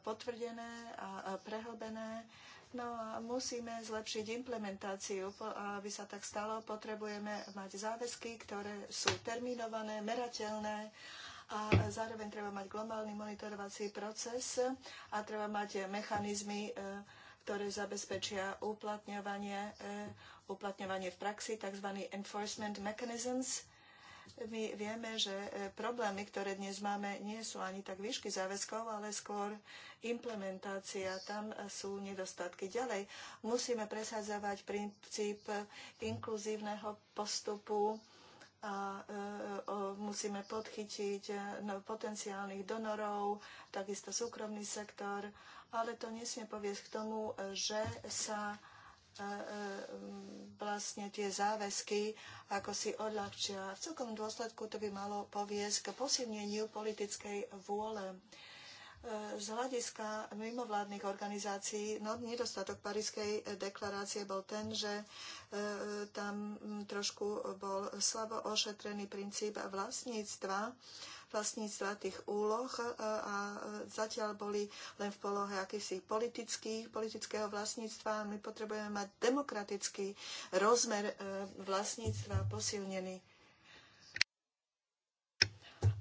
potvrdené a prehlbené. No a musíme zlepšiť implementáciu. A aby sa tak stalo, potrebujeme mať záväzky, ktoré sú terminované, merateľné a zároveň treba mať globálny monitorovací proces a treba mať mechanizmy, e, ktoré zabezpečia uplatňovanie, e, uplatňovanie v praxi, tzv. enforcement mechanisms, my vieme, že e, problémy, ktoré dnes máme, nie sú ani tak výšky záväzkov, ale skôr implementácia. Tam sú nedostatky. Ďalej musíme presadzovať princíp inkluzívneho postupu a e, musíme podchytiť e, no, potenciálnych donorov, takisto súkromný sektor, ale to nesmie poviesť k tomu, že sa e, vlastne tie záväzky ako si odľahčia. V celkom dôsledku to by malo poviesť k posilneniu politickej vôle E, z hľadiska mimovládnych organizácií no, nedostatok Parískej deklarácie bol ten, že e, tam trošku bol slabo ošetrený princíp vlastníctva vlastníctva tých úloh e, a zatiaľ boli len v polohe akýsi politických, politického vlastníctva. My potrebujeme mať demokratický rozmer vlastníctva posilnený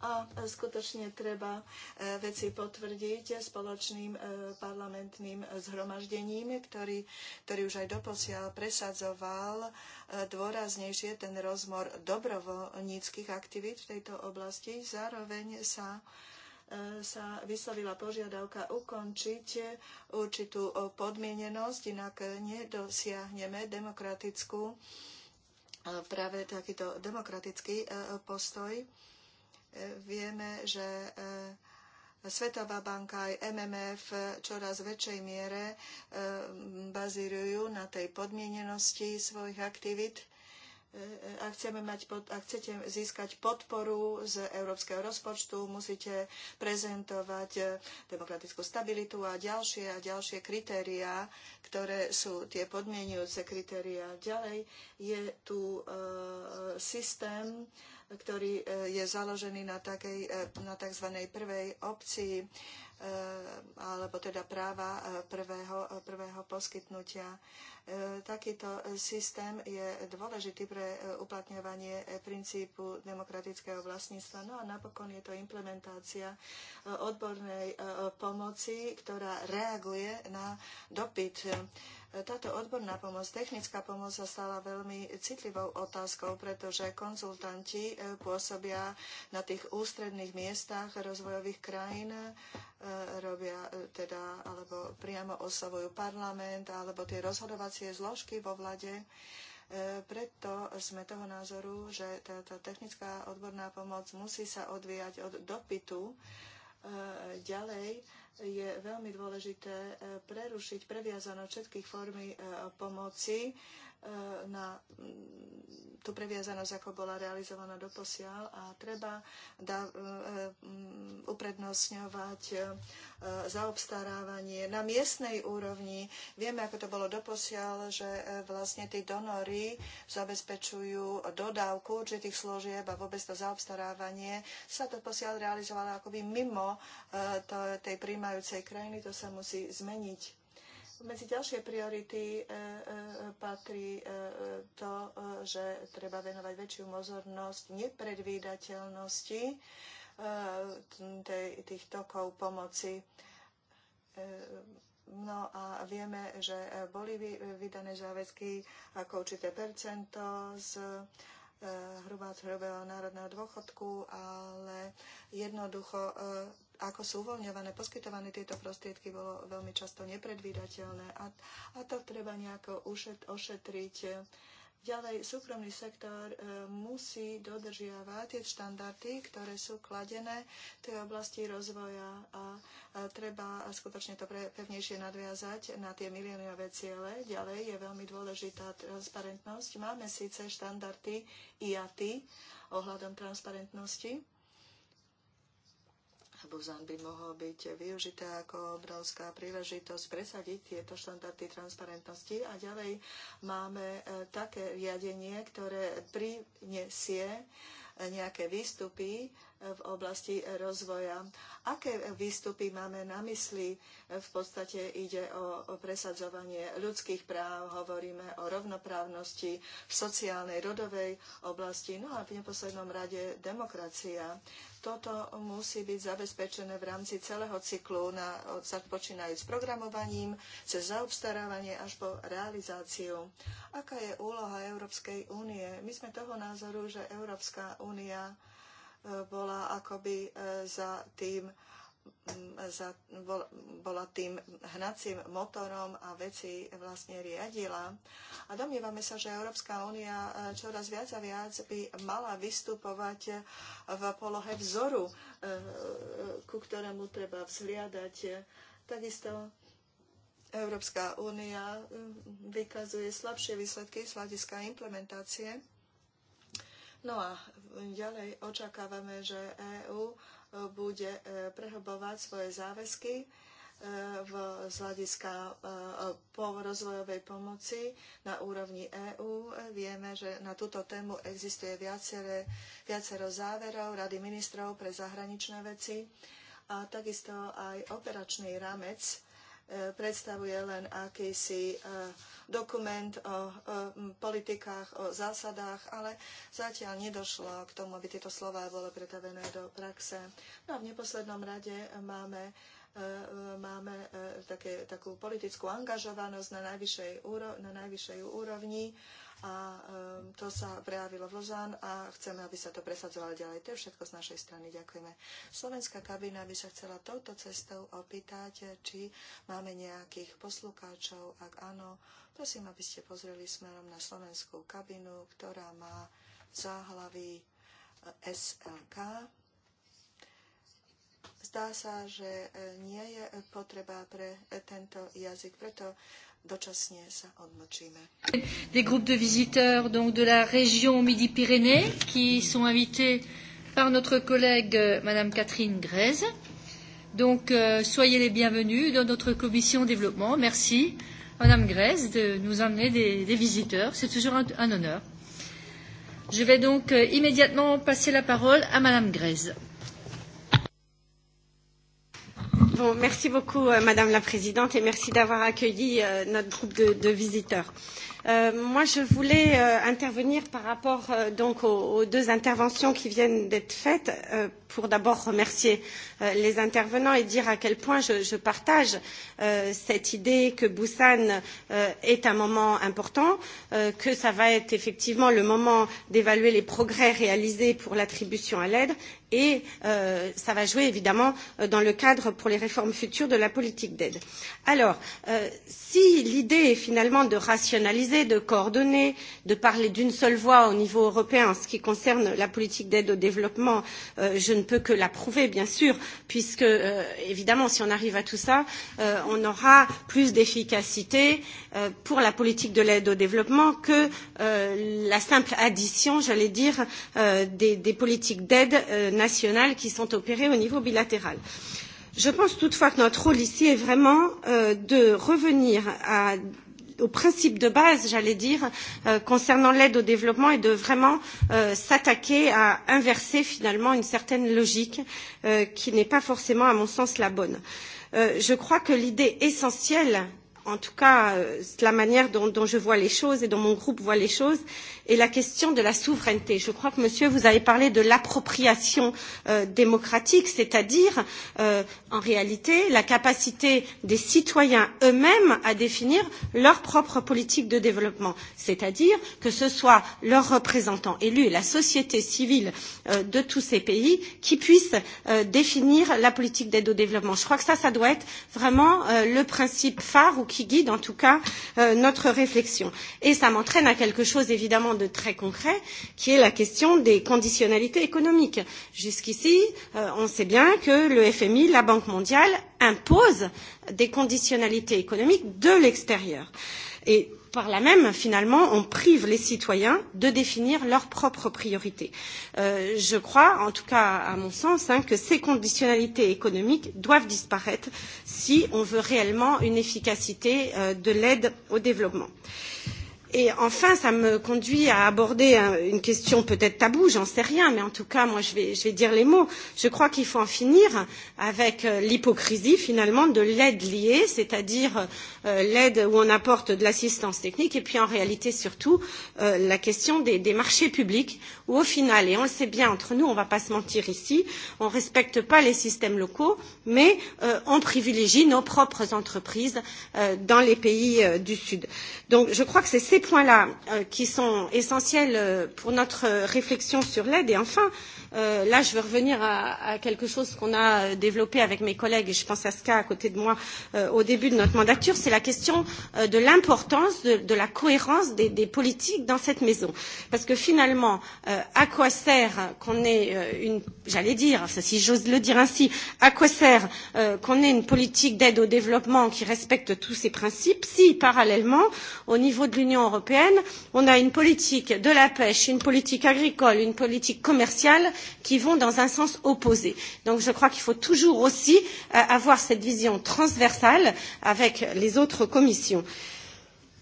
a skutočne treba e, veci potvrdiť spoločným e, parlamentným zhromaždením, ktorý, ktorý už aj doposiaľ presadzoval e, dôraznejšie ten rozmor dobrovoľníckých aktivít v tejto oblasti. Zároveň sa sa vyslovila požiadavka ukončiť určitú podmienenosť, inak nedosiahneme demokratickú, práve takýto demokratický postoj Vieme, že e, Svetová banka aj MMF čoraz väčšej miere e, bazírujú na tej podmienenosti svojich aktivít e, ak, chceme mať, ak chcete získať podporu z európskeho rozpočtu, musíte prezentovať demokratickú stabilitu a ďalšie a ďalšie kritériá, ktoré sú tie podmienujúce kritériá. Ďalej je tu systém ktorý e, je založený na, takej, e, na tzv. prvej opcii, e, alebo teda práva prvého, prvého poskytnutia. Takýto systém je dôležitý pre uplatňovanie princípu demokratického vlastníctva. No a napokon je to implementácia odbornej pomoci, ktorá reaguje na dopyt táto odborná pomoc, technická pomoc sa stala veľmi citlivou otázkou, pretože konzultanti eh, pôsobia na tých ústredných miestach rozvojových krajín, eh, robia eh, teda, alebo priamo oslovujú parlament, alebo tie rozhodovacie zložky vo vlade preto sme toho názoru, že táto technická odborná pomoc musí sa odvíjať od dopytu ďalej je veľmi dôležité eh, prerušiť previazanosť všetkých formy eh, pomoci Eh, na mm, tú previazanosť, ako bola realizovaná posiaľ a treba da, eh, mm, uprednostňovať eh, zaobstarávanie na miestnej úrovni. Vieme, ako to bolo doposiaľ, že vlastne tí donory zabezpečujú dodávku určitých služieb a vôbec to zaobstarávanie sa to posiaľ realizovalo akoby mimo tej príjmajúcej krajiny. To sa musí zmeniť medzi ďalšie priority e, e, patrí e, to, že treba venovať väčšiu pozornosť nepredvídateľnosti tých tokov pomoci. No a vieme, že boli vydané záväzky ako určité percento z hrubá hrubého národného dôchodku, ale jednoducho ako sú uvoľňované, poskytované tieto prostriedky, bolo veľmi často nepredvídateľné a, a to treba nejako ušet, ošetriť. Ďalej, súkromný sektor e, musí dodržiavať tie štandardy, ktoré sú kladené v tej oblasti rozvoja a treba skutočne to pevnejšie nadviazať na tie miliónové ciele. Ďalej je veľmi dôležitá transparentnosť. Máme síce štandardy IATI ohľadom transparentnosti, Buzan by mohol byť využitá ako obrovská príležitosť presadiť tieto štandardy transparentnosti a ďalej máme e, také riadenie, ktoré prinesie nejaké výstupy e, v oblasti rozvoja. Aké výstupy máme na mysli? V podstate ide o presadzovanie ľudských práv, hovoríme o rovnoprávnosti v sociálnej, rodovej oblasti, no a v neposlednom rade demokracia. Toto musí byť zabezpečené v rámci celého cyklu, na, počínajúc programovaním, cez zaobstarávanie až po realizáciu. Aká je úloha Európskej únie? My sme toho názoru, že Európska únia e, bola akoby e, za tým, za, bola tým hnacím motorom a veci vlastne riadila. A domnievame sa, že Európska únia e, čoraz viac a viac by mala vystupovať v polohe vzoru, ku ktorému treba vzhliadať. Takisto Európska únia vykazuje slabšie výsledky z hľadiska implementácie No a ďalej očakávame, že EÚ e, bude e, prehobovať svoje záväzky e, v, z hľadiska rozvojovej pomoci na úrovni EÚ. Vieme, že na túto tému existuje viacere, viacero záverov Rady ministrov pre zahraničné veci a takisto aj operačný ramec E, predstavuje len akýsi e, dokument o politikách, o zásadách, ale zatiaľ nedošlo k tomu, aby tieto slová boli pretavené do praxe. No a v neposlednom rade máme E, e, máme e, také, takú politickú angažovanosť na najvyššej, úro, na najvyššej úrovni a to sa prejavilo v Lozán a chceme, aby sa to presadzovalo ďalej. To je všetko z našej strany. Ďakujeme. Slovenská kabína by sa chcela touto cestou opýtať, či máme nejakých poslucháčov. Ak áno, prosím, aby ste pozreli smerom na slovenskú kabinu, ktorá má záhlavy SLK Zdá sa, že e, nie je e, potreba pre e, tento jazyk, preto dočasne sa odmlčíme. Des groupes de visiteurs donc de la région Midi-Pyrénées qui sont invités par notre collègue euh, Madame Catherine Grèze. Donc euh, soyez les bienvenus dans notre commission développement. Merci Madame Grèze de nous emmener des, des visiteurs. C'est toujours un, un honneur. Je vais donc euh, immédiatement passer la parole à Madame Grèze. Bon, merci beaucoup, euh, Madame la Présidente, et merci d'avoir accueilli euh, notre groupe de, de visiteurs. Euh, moi, je voulais euh, intervenir par rapport euh, donc aux, aux deux interventions qui viennent d'être faites, euh, pour d'abord remercier euh, les intervenants et dire à quel point je, je partage euh, cette idée que Busan euh, est un moment important, euh, que ça va être effectivement le moment d'évaluer les progrès réalisés pour l'attribution à l'aide et euh, ça va jouer évidemment euh, dans le cadre pour les réformes futures de la politique d'aide. Alors, euh, si l'idée est finalement de rationaliser, de coordonner, de parler d'une seule voix au niveau européen en ce qui concerne la politique d'aide au développement, euh, je ne peux que l'approuver bien sûr, puisque euh, évidemment si on arrive à tout ça, euh, on aura plus d'efficacité euh, pour la politique de l'aide au développement que euh, la simple addition, j'allais dire, euh, des, des politiques d'aide euh, nationales qui sont opérées au niveau bilatéral. Je pense toutefois que notre rôle ici est vraiment euh, de revenir à principe de base, j'allais dire, euh, concernant l'aide au développement et de vraiment euh, s'attaquer à inverser finalement une certaine logique euh, qui n'est pas forcément, à mon sens, la bonne. Euh, je crois que l'idée essentielle en tout cas, c'est euh, la manière dont, dont je vois les choses et dont mon groupe voit les choses, et la question de la souveraineté. Je crois que, monsieur, vous avez parlé de l'appropriation euh, démocratique, c'est-à-dire, euh, en réalité, la capacité des citoyens eux-mêmes à définir leur propre politique de développement, c'est-à-dire que ce soit leurs représentants élus et la société civile euh, de tous ces pays qui puissent euh, définir la politique d'aide au développement. Je crois que ça, ça doit être vraiment euh, le principe phare ou qui guide en tout cas euh, notre réflexion. Et ça m'entraîne à quelque chose évidemment élément de très concret qui est la question des conditionnalités économiques. Jusqu'ici, euh, on sait bien que le FMI, la Banque mondiale imposent des conditionnalités économiques de l'extérieur. Et par là même, finalement, on prive les citoyens de définir leurs propres priorités. Euh, je crois, en tout cas à mon sens, hein, que ces conditionnalités économiques doivent disparaître si on veut réellement une efficacité euh, de l'aide au développement. Euh, Et enfin, ça me conduit à aborder une question peut-être taboue, j'en sais rien, mais en tout cas, moi, je vais, je vais dire les mots. Je crois qu'il faut en finir avec euh, l'hypocrisie, finalement, de l'aide liée, c'est-à-dire euh, l'aide où on apporte de l'assistance technique, et puis en réalité, surtout, euh, la question des, des marchés publics, où au final, et on le sait bien entre nous, on ne va pas se mentir ici, on ne respecte pas les systèmes locaux, mais euh, on privilégie nos propres entreprises euh, dans les pays euh, du Sud. Donc, je crois que c'est ces points là euh, qui sont essentiels euh, pour notre euh, réflexion sur l'aide. Et enfin, Euh, là, je veux revenir à, à quelque chose qu'on a euh, développé avec mes collègues, et je pense à Ska à côté de moi euh, au début de notre mandature, c'est la question euh, de l'importance de, de la cohérence des, des politiques dans cette maison. Parce que finalement, euh, à quoi sert qu'on ait euh, une, j'allais dire, si j'ose le dire ainsi, à quoi sert euh, qu'on ait une politique d'aide au développement qui respecte tous ces principes si, parallèlement, au niveau de l'Union européenne, on a une politique de la pêche, une politique agricole, une politique commerciale qui vont dans un sens opposé. Donc je crois qu'il faut toujours aussi euh, avoir cette vision transversale avec les autres commissions.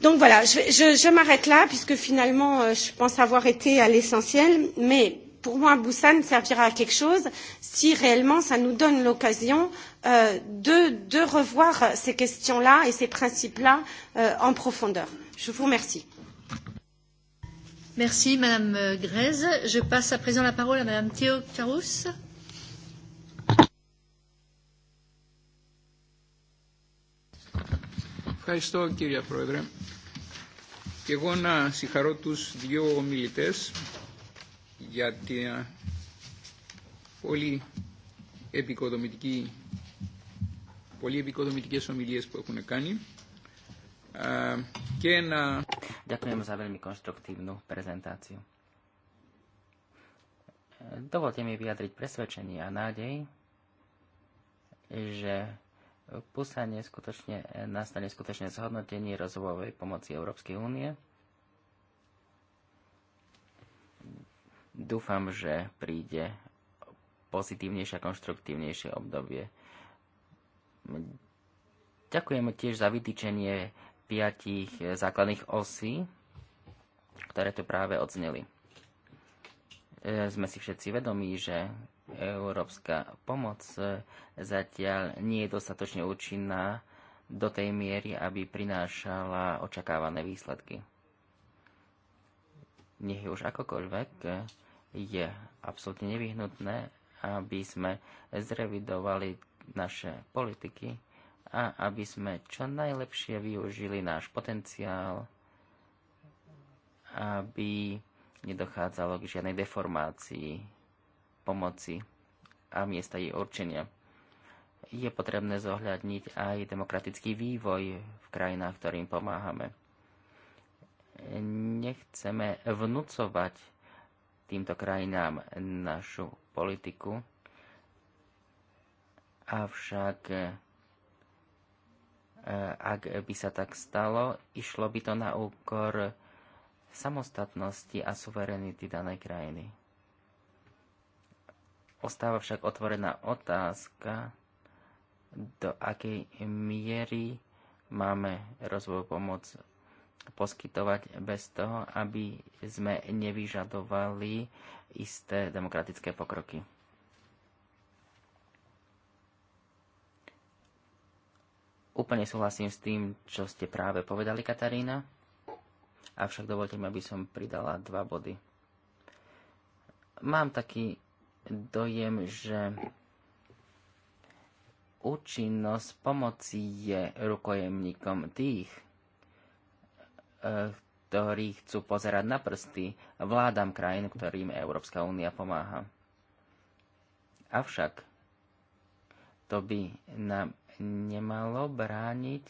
Donc voilà, je, je, je m'arrête là puisque finalement euh, je pense avoir été à l'essentiel, mais pour moi, Busan servira à quelque chose si réellement ça nous donne l'occasion euh, de, de revoir ces questions-là et ces principes-là euh, en profondeur. Je vous remercie. Merci, Madame Grèze. Je passe à présent la parole à Madame Théo Carous. Ευχαριστώ κύριε Πρόεδρε. Και εγώ να συγχαρώ τους δύο ομιλητές για την πολύ επικοδομητική πολύ επικοδομητικές ομιλίες που έχουν κάνει. Ďakujem za veľmi konštruktívnu prezentáciu. Dovolte mi vyjadriť presvedčenie a nádej, že pusanie skutočne, nastane skutočne zhodnotenie rozvojovej pomoci Európskej únie. Dúfam, že príde pozitívnejšie a konštruktívnejšie obdobie. Ďakujem tiež za vytýčenie piatich eh, základných osí, ktoré tu práve odzneli. Eh, sme si všetci vedomí, že európska pomoc eh, zatiaľ nie je dostatočne účinná do tej miery, aby prinášala očakávané výsledky. Nech je už akokoľvek, je absolútne nevyhnutné, aby sme zrevidovali naše politiky a aby sme čo najlepšie využili náš potenciál, aby nedochádzalo k žiadnej deformácii pomoci a miesta jej určenia. Je potrebné zohľadniť aj demokratický vývoj v krajinách, ktorým pomáhame. Nechceme vnúcovať týmto krajinám našu politiku, avšak Eh, ak by sa tak stalo, išlo by to na úkor samostatnosti a suverenity danej krajiny. Ostáva však otvorená otázka, do akej miery máme rozvoj pomoc poskytovať bez toho, aby sme nevyžadovali isté demokratické pokroky. Úplne súhlasím s tým, čo ste práve povedali, Katarína. Avšak dovolte mi, aby som pridala dva body. Mám taký dojem, že účinnosť pomoci je rukojemníkom tých, eh, ktorí chcú pozerať na prsty vládam krajín, ktorým Európska únia pomáha. Avšak to by nám nemalo brániť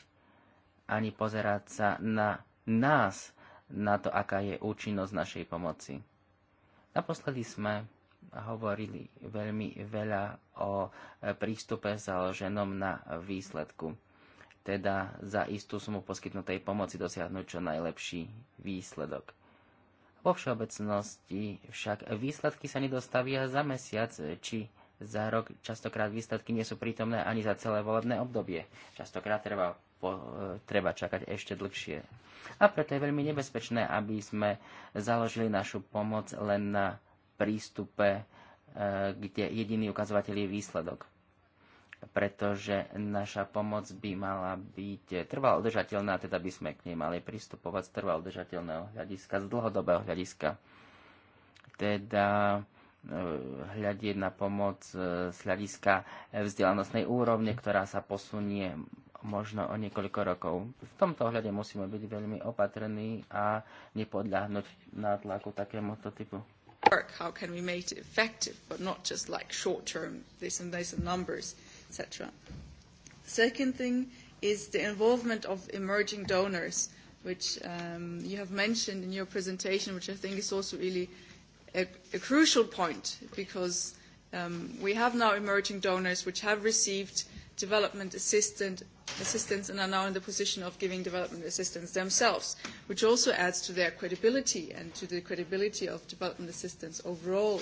ani pozerať sa na nás, na to, aká je účinnosť našej pomoci. Naposledy sme hovorili veľmi veľa o e, prístupe založenom na výsledku, teda za istú sumu poskytnutej pomoci dosiahnuť čo najlepší výsledok. Vo všeobecnosti však výsledky sa nedostavia za mesiac či za rok častokrát výsledky nie sú prítomné ani za celé volebné obdobie. Častokrát treba, po, e, treba čakať ešte dlhšie. A preto je veľmi nebezpečné, aby sme založili našu pomoc len na prístupe, e, kde jediný ukazovateľ je výsledok pretože naša pomoc by mala byť trvalo udržateľná, teda by sme k nej mali pristupovať z trvalo udržateľného hľadiska, z dlhodobého hľadiska. Teda Eh, hľadieť na pomoc eh, z hľadiska eh, vzdelanostnej úrovne, ktorá sa posunie možno o niekoľko rokov. V tomto ohľade musíme byť veľmi opatrní a nepodľahnuť nátlaku takémuto typu. How can we make it effective, but not just like short term, this and and numbers, etc. Second thing is the involvement of emerging donors, which um, you have mentioned in your presentation, which I think is also really a, a crucial point because um, we have now emerging donors which have received development assistant, assistance and are now in the position of giving development assistance themselves, which also adds to their credibility and to the credibility of development assistance overall.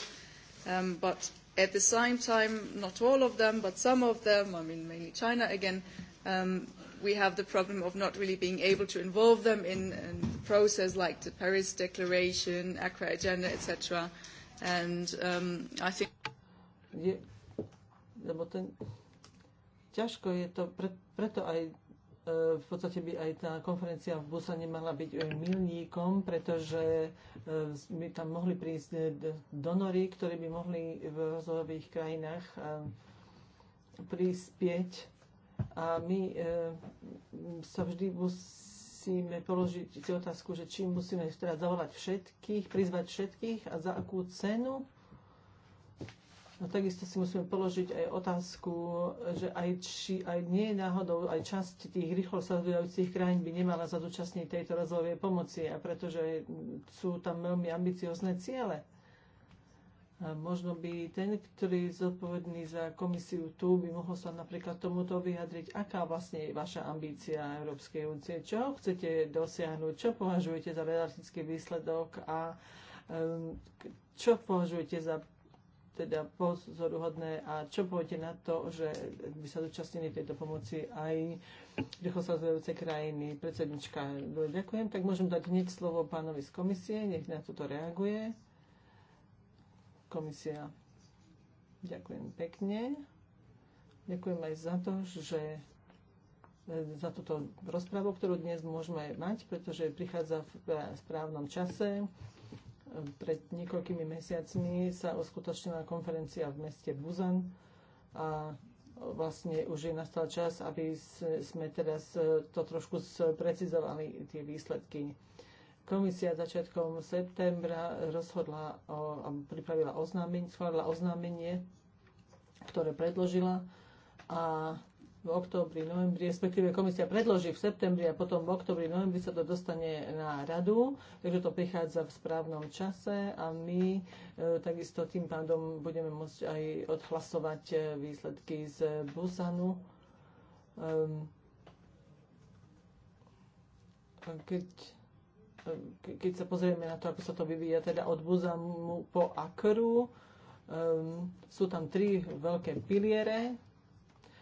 Um, but at the same time, not all of them, but some of them, I mean mainly China again, um, we have the problem of not really being able to involve them in, in the process like the Paris Declaration, Accra Agenda, etc. And um, I think... Je, lebo ten, ťažko je to, pre, preto aj e, v podstate by aj tá konferencia v Busane mala byť e, milníkom, pretože e, by tam mohli prísť donory, ktorí by mohli v rozvojových krajinách prispieť a my e, sa vždy musíme položiť si otázku, že či musíme teda zavolať všetkých, prizvať všetkých a za akú cenu. No takisto si musíme položiť aj otázku, že aj, či, aj nie náhodou, aj časť tých rýchlo sa rozvíjajúcich krajín by nemala zadúčastniť tejto rozvojovej pomoci, a pretože sú tam veľmi ambiciozne ciele možno by ten, ktorý je zodpovedný za komisiu tu, by mohol sa napríklad tomuto vyjadriť, aká vlastne je vaša ambícia Európskej únie, čo chcete dosiahnuť, čo považujete za realistický výsledok a čo považujete za teda pozoruhodné a čo poviete na to, že by sa zúčastnili tejto pomoci aj rýchlo krajiny. Predsednička, no, ďakujem. Tak môžem dať hneď slovo pánovi z komisie, nech na toto reaguje komisia. Ďakujem pekne. Ďakujem aj za to, že e, za túto rozprávu, ktorú dnes môžeme mať, pretože prichádza v e, správnom čase. E, pred niekoľkými mesiacmi sa uskutočnila konferencia v meste Buzan a vlastne už je nastal čas, aby sme teraz to trošku sprecizovali tie výsledky. Komisia začiatkom septembra rozhodla o, pripravila oznámenie, schválila oznámenie, ktoré predložila a v októbri, novembri, respektíve komisia predloží v septembri a potom v októbri, novembri sa to dostane na radu, takže to prichádza v správnom čase a my e, takisto tým pádom budeme môcť aj odhlasovať e, výsledky z Busanu. Ehm, keď keď sa pozrieme na to, ako sa to vyvíja teda od Buzamu po Akru, um, sú tam tri veľké piliere.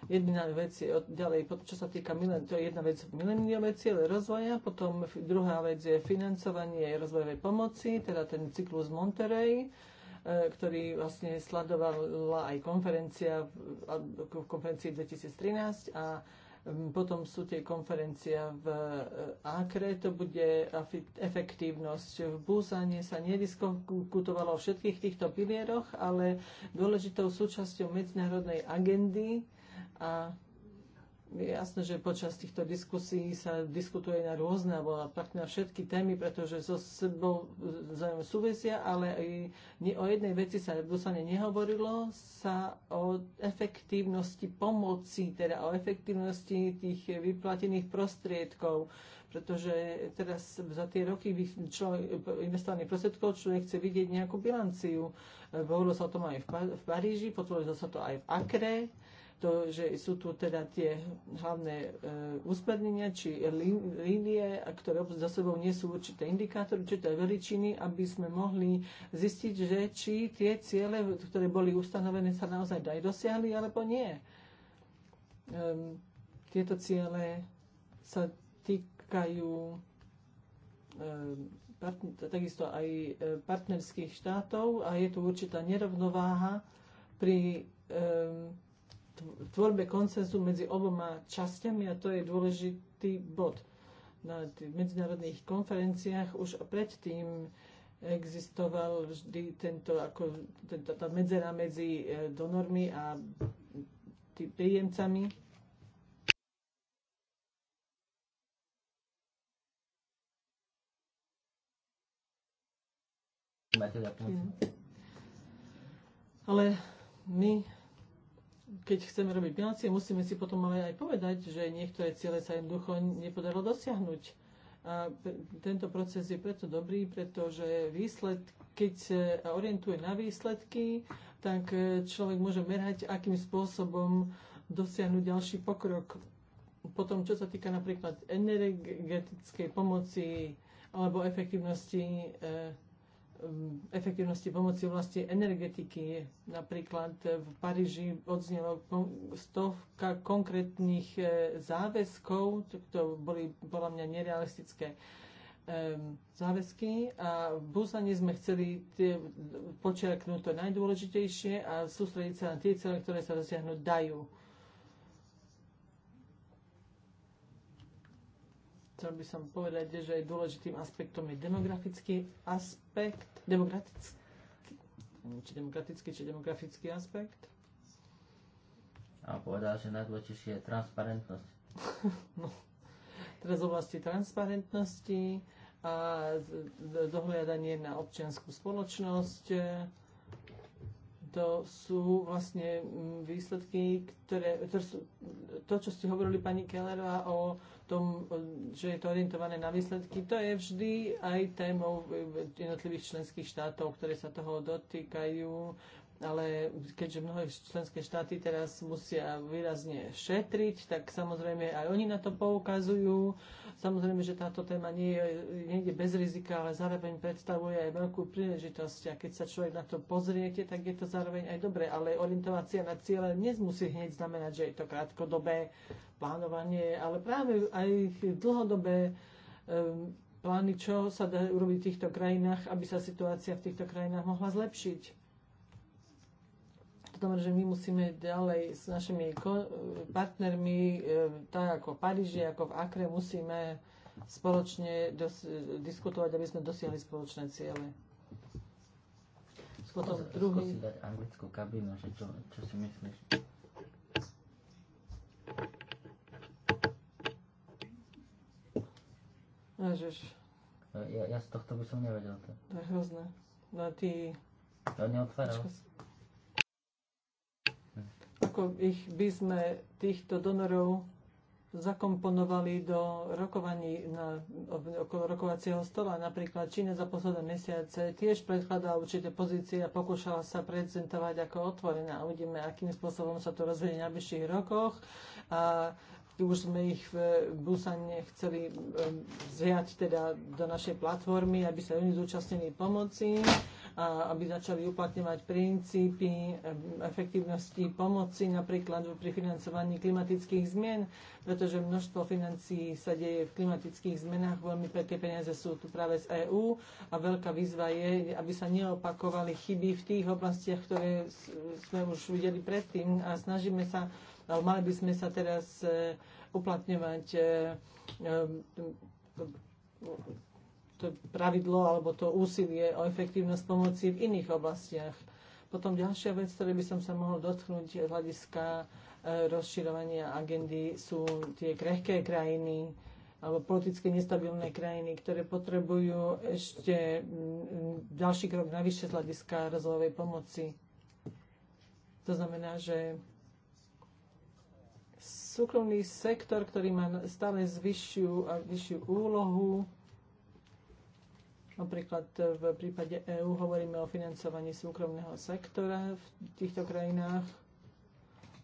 Jedna vec je od, ďalej, čo sa týka to je jedna vec mileniové cieľe rozvoja, potom druhá vec je financovanie rozvojovej pomoci, teda ten cyklus Monterey, e, ktorý vlastne sledovala aj konferencia v konferencii 2013 a Ehm, potom sú tie konferencia v eh, Akre, to bude efektívnosť. V Búzane sa nediskutovalo o všetkých týchto pilieroch, ale dôležitou súčasťou medzinárodnej agendy a je jasné, že počas týchto diskusí sa diskutuje na rôzne alebo na všetky témy, pretože so sebou zaujímavé súvisia, ale aj o jednej veci sa v nehovorilo, sa o efektívnosti pomoci, teda o efektívnosti tých vyplatených prostriedkov, pretože teraz za tie roky investovaných prostriedkov človek chce vidieť nejakú bilanciu. Hovorilo sa o tom aj v, Paríži, potvorilo sa to aj v Akre, to, že sú tu teda tie hlavné e, usmernenia či línie, ktoré za sebou nie sú určité indikátory, určité veličiny, aby sme mohli zistiť, že či tie ciele, ktoré boli ustanovené, sa naozaj aj dosiahli alebo nie. Um, e, tieto ciele sa týkajú e, takisto aj e, partnerských štátov a je tu určitá nerovnováha pri um, tvorbe konsenzu medzi oboma časťami a to je dôležitý bod. Na medzinárodných konferenciách už predtým existoval vždy tento, ako, tento, tá medzera medzi e, donormi a tí príjemcami. Ale my keď chceme robiť bilancie, musíme si potom ale aj povedať, že niektoré ciele sa jednoducho nepodarilo dosiahnuť. A tento proces je preto dobrý, pretože výsled, keď sa orientuje na výsledky, tak e, človek môže merať, akým spôsobom dosiahnuť ďalší pokrok. Potom, čo sa týka napríklad energetickej pomoci alebo efektivnosti e, Um, efektivnosti pomoci v oblasti energetiky. Napríklad v Paríži odznelo stovka konkrétnych e, záväzkov, to boli podľa mňa nerealistické záväzky a v Busane sme chceli tie, počiarknúť to najdôležitejšie a sústrediť sa na tie cele, ktoré sa dosiahnuť dajú. chcel by som povedať, že aj dôležitým aspektom je demografický aspekt, demokratický, či demokratický, či demografický aspekt. A povedal, že najdôležitejšie je transparentnosť. no, teraz v oblasti transparentnosti a dohľadanie na občianskú spoločnosť, to sú vlastne mm, výsledky, ktoré, to, sú, to čo ste hovorili pani Kellerová o tom, že je to orientované na výsledky, to je vždy aj témou jednotlivých členských štátov, ktoré sa toho dotýkajú. Ale keďže mnohé členské štáty teraz musia výrazne šetriť, tak samozrejme aj oni na to poukazujú. Samozrejme, že táto téma nie je, je bez rizika, ale zároveň predstavuje aj veľkú príležitosť. A keď sa človek na to pozriete, tak je to zároveň aj dobre. Ale orientovacia na cieľe nezmusí hneď znamenať, že je to krátkodobé plánovanie, ale práve aj dlhodobé plány, čo sa dá urobiť v týchto krajinách, aby sa situácia v týchto krajinách mohla zlepšiť. To že my musíme ďalej s našimi partnermi, tak ako v Paríži, ako v Akre, musíme spoločne diskutovať, aby sme dosiahli spoločné ciele. druhý... Skúsim dať anglickú kabínu, že čo, čo si myslíš. Ježiš. Ja, ja z tohto by som nevedel. To, to je hrozné. No ty... To neotváral. Ako ich by sme týchto donorov zakomponovali do rokovaní na, okolo rokovacieho stola. Napríklad Číne za posledné mesiace tiež predkladá určité pozície a pokúšala sa prezentovať ako otvorená. Uvidíme, akým spôsobom sa to rozvedie na bližších rokoch. A už sme ich v Busane chceli zjať teda do našej platformy, aby sa oni zúčastnili pomoci a aby začali uplatňovať princípy efektívnosti pomoci napríklad pri financovaní klimatických zmien, pretože množstvo financií sa deje v klimatických zmenách, veľmi tie peniaze sú tu práve z EÚ a veľká výzva je, aby sa neopakovali chyby v tých oblastiach, ktoré sme už videli predtým a snažíme sa ale mali by sme sa teraz e, uplatňovať e, e, to pravidlo alebo to úsilie o efektívnosť pomoci v iných oblastiach. Potom ďalšia vec, ktorej by som sa mohol dotknúť z hľadiska rozširovania agendy, sú tie krehké krajiny alebo politicky nestabilné krajiny, ktoré potrebujú ešte mm, ďalší krok navyše z hľadiska rozvojovej pomoci. To znamená, že súkromný sektor, ktorý má stále zvyššiu a vyššiu úlohu. Napríklad v prípade EÚ hovoríme o financovaní súkromného sektora v týchto krajinách,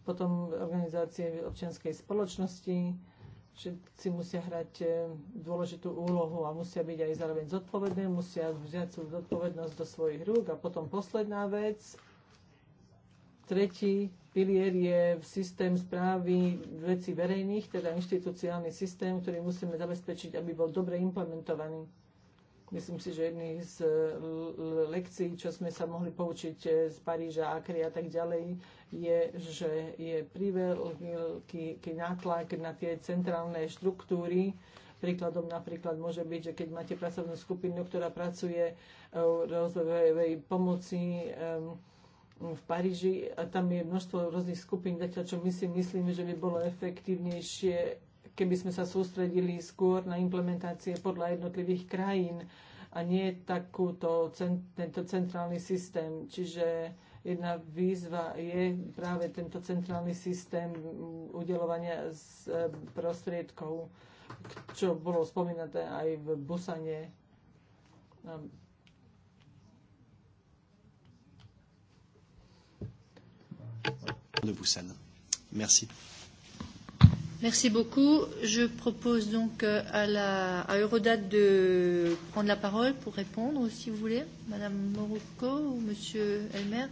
potom organizácie občianskej spoločnosti, všetci musia hrať e, dôležitú úlohu a musia byť aj zároveň zodpovedné, musia vziať svoju zodpovednosť do svojich rúk. A potom posledná vec, tretí pilier je systém správy veci verejných, teda inštitucionálny systém, ktorý musíme zabezpečiť, aby bol dobre implementovaný. Myslím si, že jedný z lekcií, čo sme sa mohli poučiť e, z Paríža, Akry a tak ďalej, je, že je priveľký nátlak na tie centrálne štruktúry, Príkladom napríklad môže byť, že keď máte pracovnú skupinu, ktorá pracuje e, rozvojovej pomoci, um, v Paríži a tam je množstvo rôznych skupín, zatiaľ čo my si myslíme, že by bolo efektívnejšie, keby sme sa sústredili skôr na implementácie podľa jednotlivých krajín a nie takúto, tento centrálny systém. Čiže jedna výzva je práve tento centrálny systém udelovania z e, prostriedkov, čo bolo spomínané aj v Busane. de Busan. Merci. Merci beaucoup. Je propose donc euh, à, la, à Eurodat de prendre la parole pour répondre, si vous voulez, Madame Morocco ou Monsieur Elmer.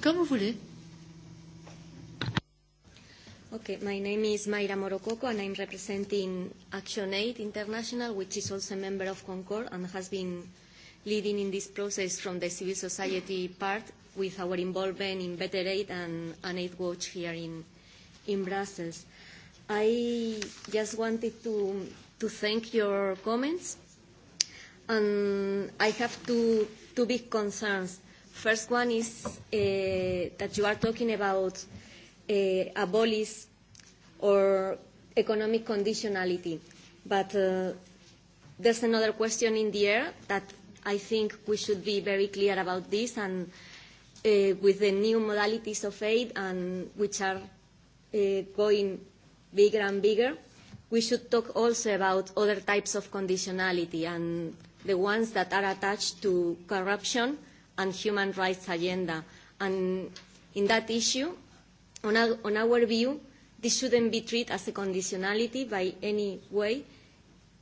Comme vous voulez. Okay, my name is Mayra Morococo and I'm representing ActionAid International, which is also a member of Concord and has been leading in this process from the civil society part with our involvement in Better Aid and, and Aid Watch here in, in Brussels. I just wanted to, to thank your comments. And I have two, two big concerns. First one is uh, that you are talking about uh, abolish or economic conditionality. But uh, there's another question in the air that i think we should be very clear about this and uh, with the new modalities of aid and which are uh, going bigger and bigger, we should talk also about other types of conditionality and the ones that are attached to corruption and human rights agenda. And in that issue, on our, on our view, this shouldn't be treated as a conditionality by any way,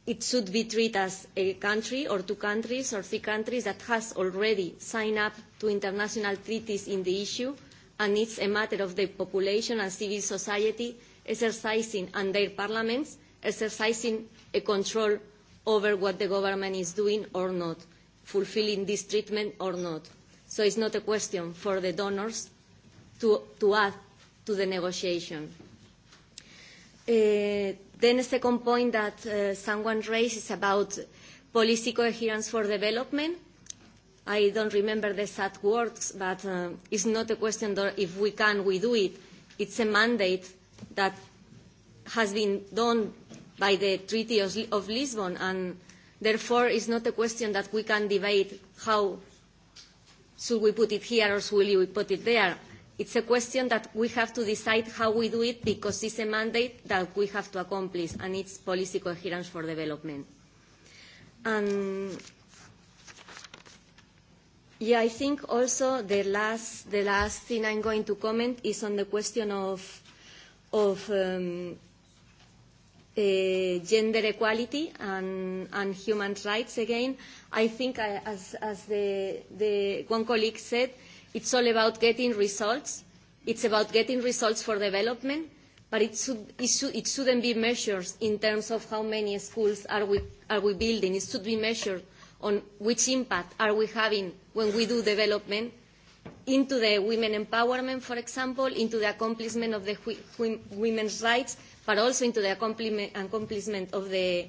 it should be treated as a country or two countries or three countries that has already signed up to international treaties in the issue and it's a matter of the population and civil society exercising and their parliaments exercising a control over what the government is doing or not, fulfilling this treatment or not. So it's not a question for the donors to, to add to the negotiation. Uh, Then the second point that uh, someone raised is about policy coherence for development. I don't remember the exact words, but uh, it's not a question that if we can, we do it. It's a mandate that has been done by the Treaty of, of Lisbon, and therefore it's not a question that we can debate how should we put it here or should we put it there. It's a question that we have to decide how we do it because it's a mandate that we have to accomplish and it's policy coherence for development. And yeah, I think also the last, the last thing I'm going to comment is on the question of, of um, uh, gender equality and, and human rights again. I think I, uh, as, as the, the, one colleague said, It's all about getting results. It's about getting results for development, but it, should, it, should, it shouldn't be measured in terms of how many schools are we, are we building. It should be measured on which impact are we having when we do development into the women empowerment, for example, into the accomplishment of the women's rights, but also into the accomplishment of the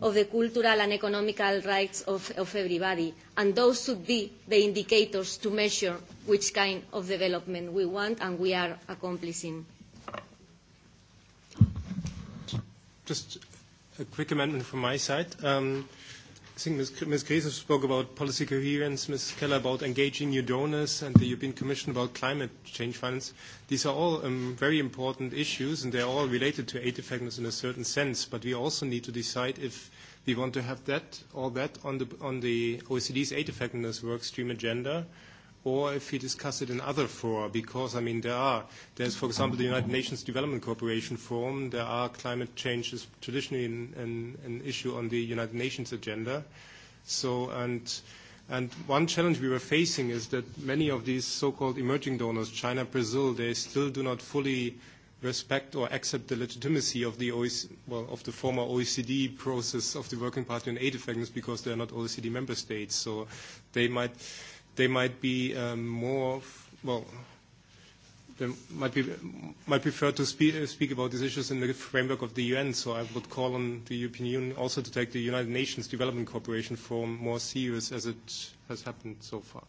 of the cultural and economical rights of, of everybody. And those should be the indicators to measure which kind of development we want and we are accomplishing. Just a quick amendment from my side. Um, i think Ms. Ms. Gräse spoke about policy coherence, Ms. Keller about engaging new donors, and the European Commission about climate change finance. These are all um, very important issues, and they're all related to aid effectiveness in a certain sense, but we also need to decide if we want to have that, all that on the, on the OECD's aid effectiveness work stream agenda, or if we discuss it in other fora, because, I mean, there are, there's, for example, the United Nations Development Cooperation Forum, there are climate change is traditionally an, an, an issue on the United Nations agenda. So, and, and one challenge we were facing is that many of these so-called emerging donors, China, Brazil, they still do not fully respect or accept the legitimacy of the, OEC, well, of the former OECD process of the Working Party on aid effectiveness because they are not OECD member states. So they might, they might be um, more, well, they might, be, might prefer to speak, uh speak about these issues in the framework of the UN. So I would call on the European Union also to take the United Nations Development Cooperation Forum more serious as it has happened so far.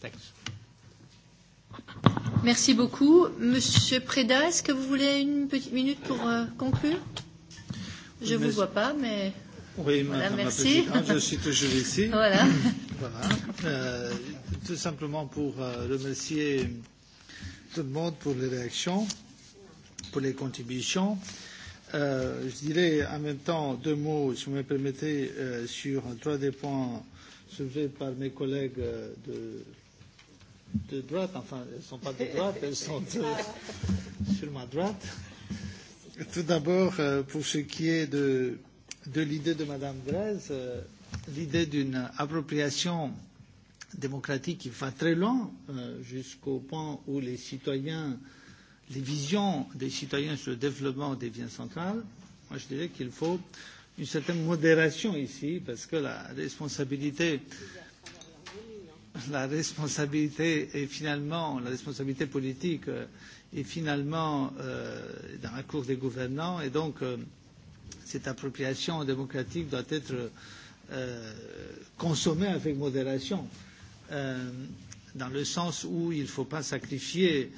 Thanks. Merci beaucoup. Monsieur Preda, est-ce que vous voulez une petite minute pour euh, conclure Je ne vous vois pas, mais... Oui, Madame voilà, la Présidente, je suis toujours ici. voilà. voilà. Euh, tout simplement pour euh, remercier tout le monde pour les réactions, pour les contributions. Euh, je dirais en même temps deux mots, si vous me permettez, euh, sur trois des points soulevés par mes collègues euh, de, de droite. Enfin, elles ne sont pas de droite, elles sont de, sur ma droite. Tout d'abord, euh, pour ce qui est de de l'idée de Madame Grèze, euh, l'idée d'une appropriation démocratique qui va très loin euh, jusqu'au point où les citoyens, les visions des citoyens sur le développement des biens centrales. Moi, je dirais qu'il faut une certaine modération ici parce que la responsabilité la responsabilité est finalement la responsabilité politique euh, est finalement euh, dans la cour des gouvernants et donc euh, cette appropriation démocratique doit être euh, consommée avec modération, euh, dans le sens où il ne faut pas sacrifier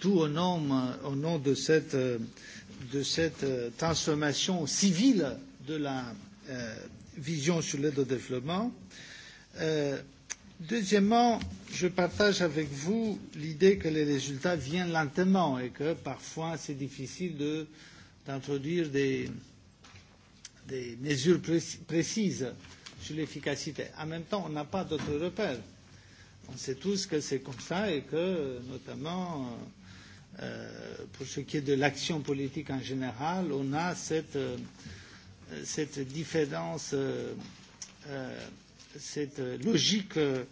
tout au nom, euh, au nom de cette, euh, de cette euh, transformation civile de la euh, vision sur l'aide au développement. Euh, Deuxièmement, je partage avec vous l'idée que les résultats viennent lentement et que parfois c'est difficile d'introduire de, des, des mesures pré précises sur l'efficacité. En même temps, on n'a pas d'autres repères. On sait tous que c'est comme ça et que, notamment, euh, pour ce qui est de l'action politique en général, on a cette, euh, cette différence, euh, euh cette logique euh,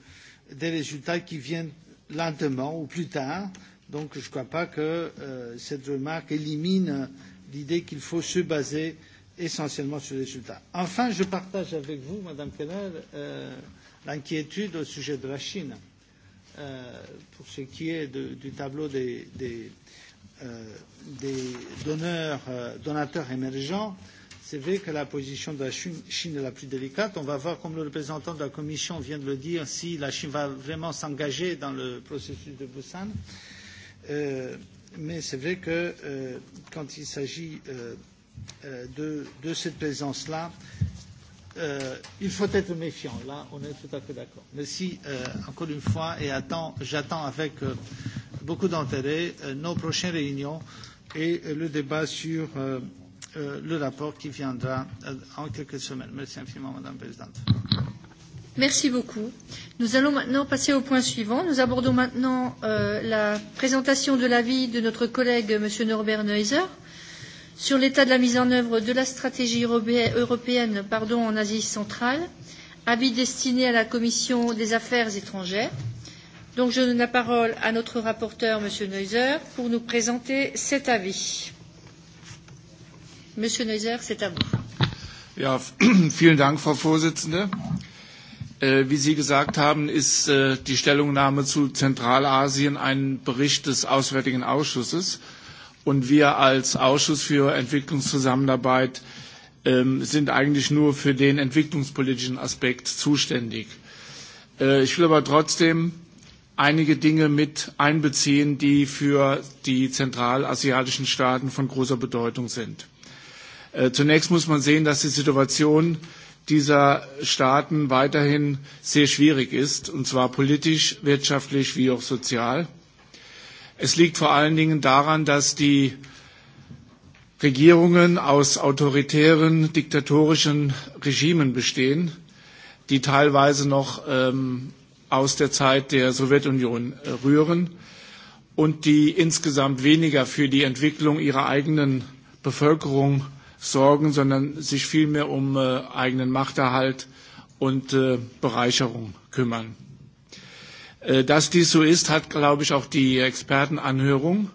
des résultats qui viennent lentement ou plus tard. Donc, je ne crois pas que cette remarque élimine l'idée qu'il faut se baser euh, essentiellement sur les résultats. Enfin, je partage avec vous, Madame Keller, euh, l'inquiétude au sujet de la Chine, euh, pour ce qui est de, du tableau des, des, euh, des donneurs, euh, donateurs émergents. C'est vrai que la position de la Chine, Chine est la plus délicate. On va voir, comme le représentant de la Commission vient de le dire, si la Chine va vraiment s'engager dans le processus de Busan. Euh, mais c'est vrai que euh, quand il s'agit euh, Euh, de, de cette présence-là, euh, il faut être méfiant. Là, on est tout à fait d'accord. Merci euh, encore une fois et attends, j'attends avec euh, beaucoup d'intérêt euh, nos prochaines réunions et euh, le débat sur euh, euh, le rapport qui viendra euh, en quelques semaines. Merci infiniment, Madame la Présidente. Merci beaucoup. Nous allons maintenant passer au point suivant. Nous abordons maintenant euh, la présentation de l'avis de notre collègue Monsieur Norbert Neuser sur l'état de la mise en œuvre de la stratégie européenne pardon, en Asie centrale, avis destiné à la Commission des affaires étrangères. Donc je donne la parole à notre rapporteur, M. Neuser, pour nous présenter cet avis. Monsieur Neuser, c'est à vous. Ja, vielen Dank, Frau Vorsitzende. Äh, wie Sie gesagt haben, ist äh, die Stellungnahme zu Zentralasien ein Bericht des Auswärtigen Ausschusses. Und wir als Ausschuss für Entwicklungszusammenarbeit ähm, sind eigentlich nur für den entwicklungspolitischen Aspekt zuständig. Äh, ich will aber trotzdem einige Dinge mit einbeziehen, die für die zentralasiatischen Staaten von großer Bedeutung sind. Äh, zunächst muss man sehen, dass die Situation dieser Staaten weiterhin sehr schwierig ist, und zwar politisch, wirtschaftlich wie auch sozial. Es liegt vor allen Dingen daran, dass die Regierungen aus autoritären, diktatorischen Regimen bestehen, die teilweise noch ähm, aus der Zeit der Sowjetunion äh, rühren und die insgesamt weniger für die Entwicklung ihrer eigenen Bevölkerung sorgen, sondern sich vielmehr um äh, eigenen Machterhalt und äh, Bereicherung kümmern. Äh, dass dies so ist, hat, glaube ich, auch die Expertenanhörung,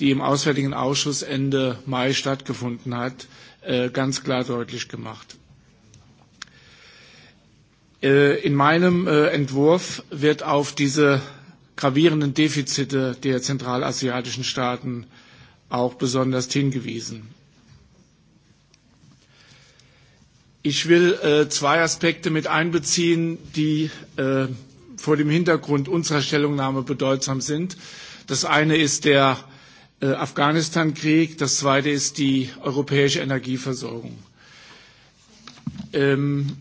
die im Auswärtigen Ausschuss Ende Mai stattgefunden hat, äh, ganz klar deutlich gemacht. Äh, in meinem Entwurf wird auf diese gravierenden Defizite der zentralasiatischen Staaten auch besonders hingewiesen. Ich will zwei Aspekte mit einbeziehen, die vor dem Hintergrund unserer Stellungnahme bedeutsam sind. Das eine ist der äh, Afghanistan-Krieg, das zweite ist die europäische Energieversorgung. Ähm,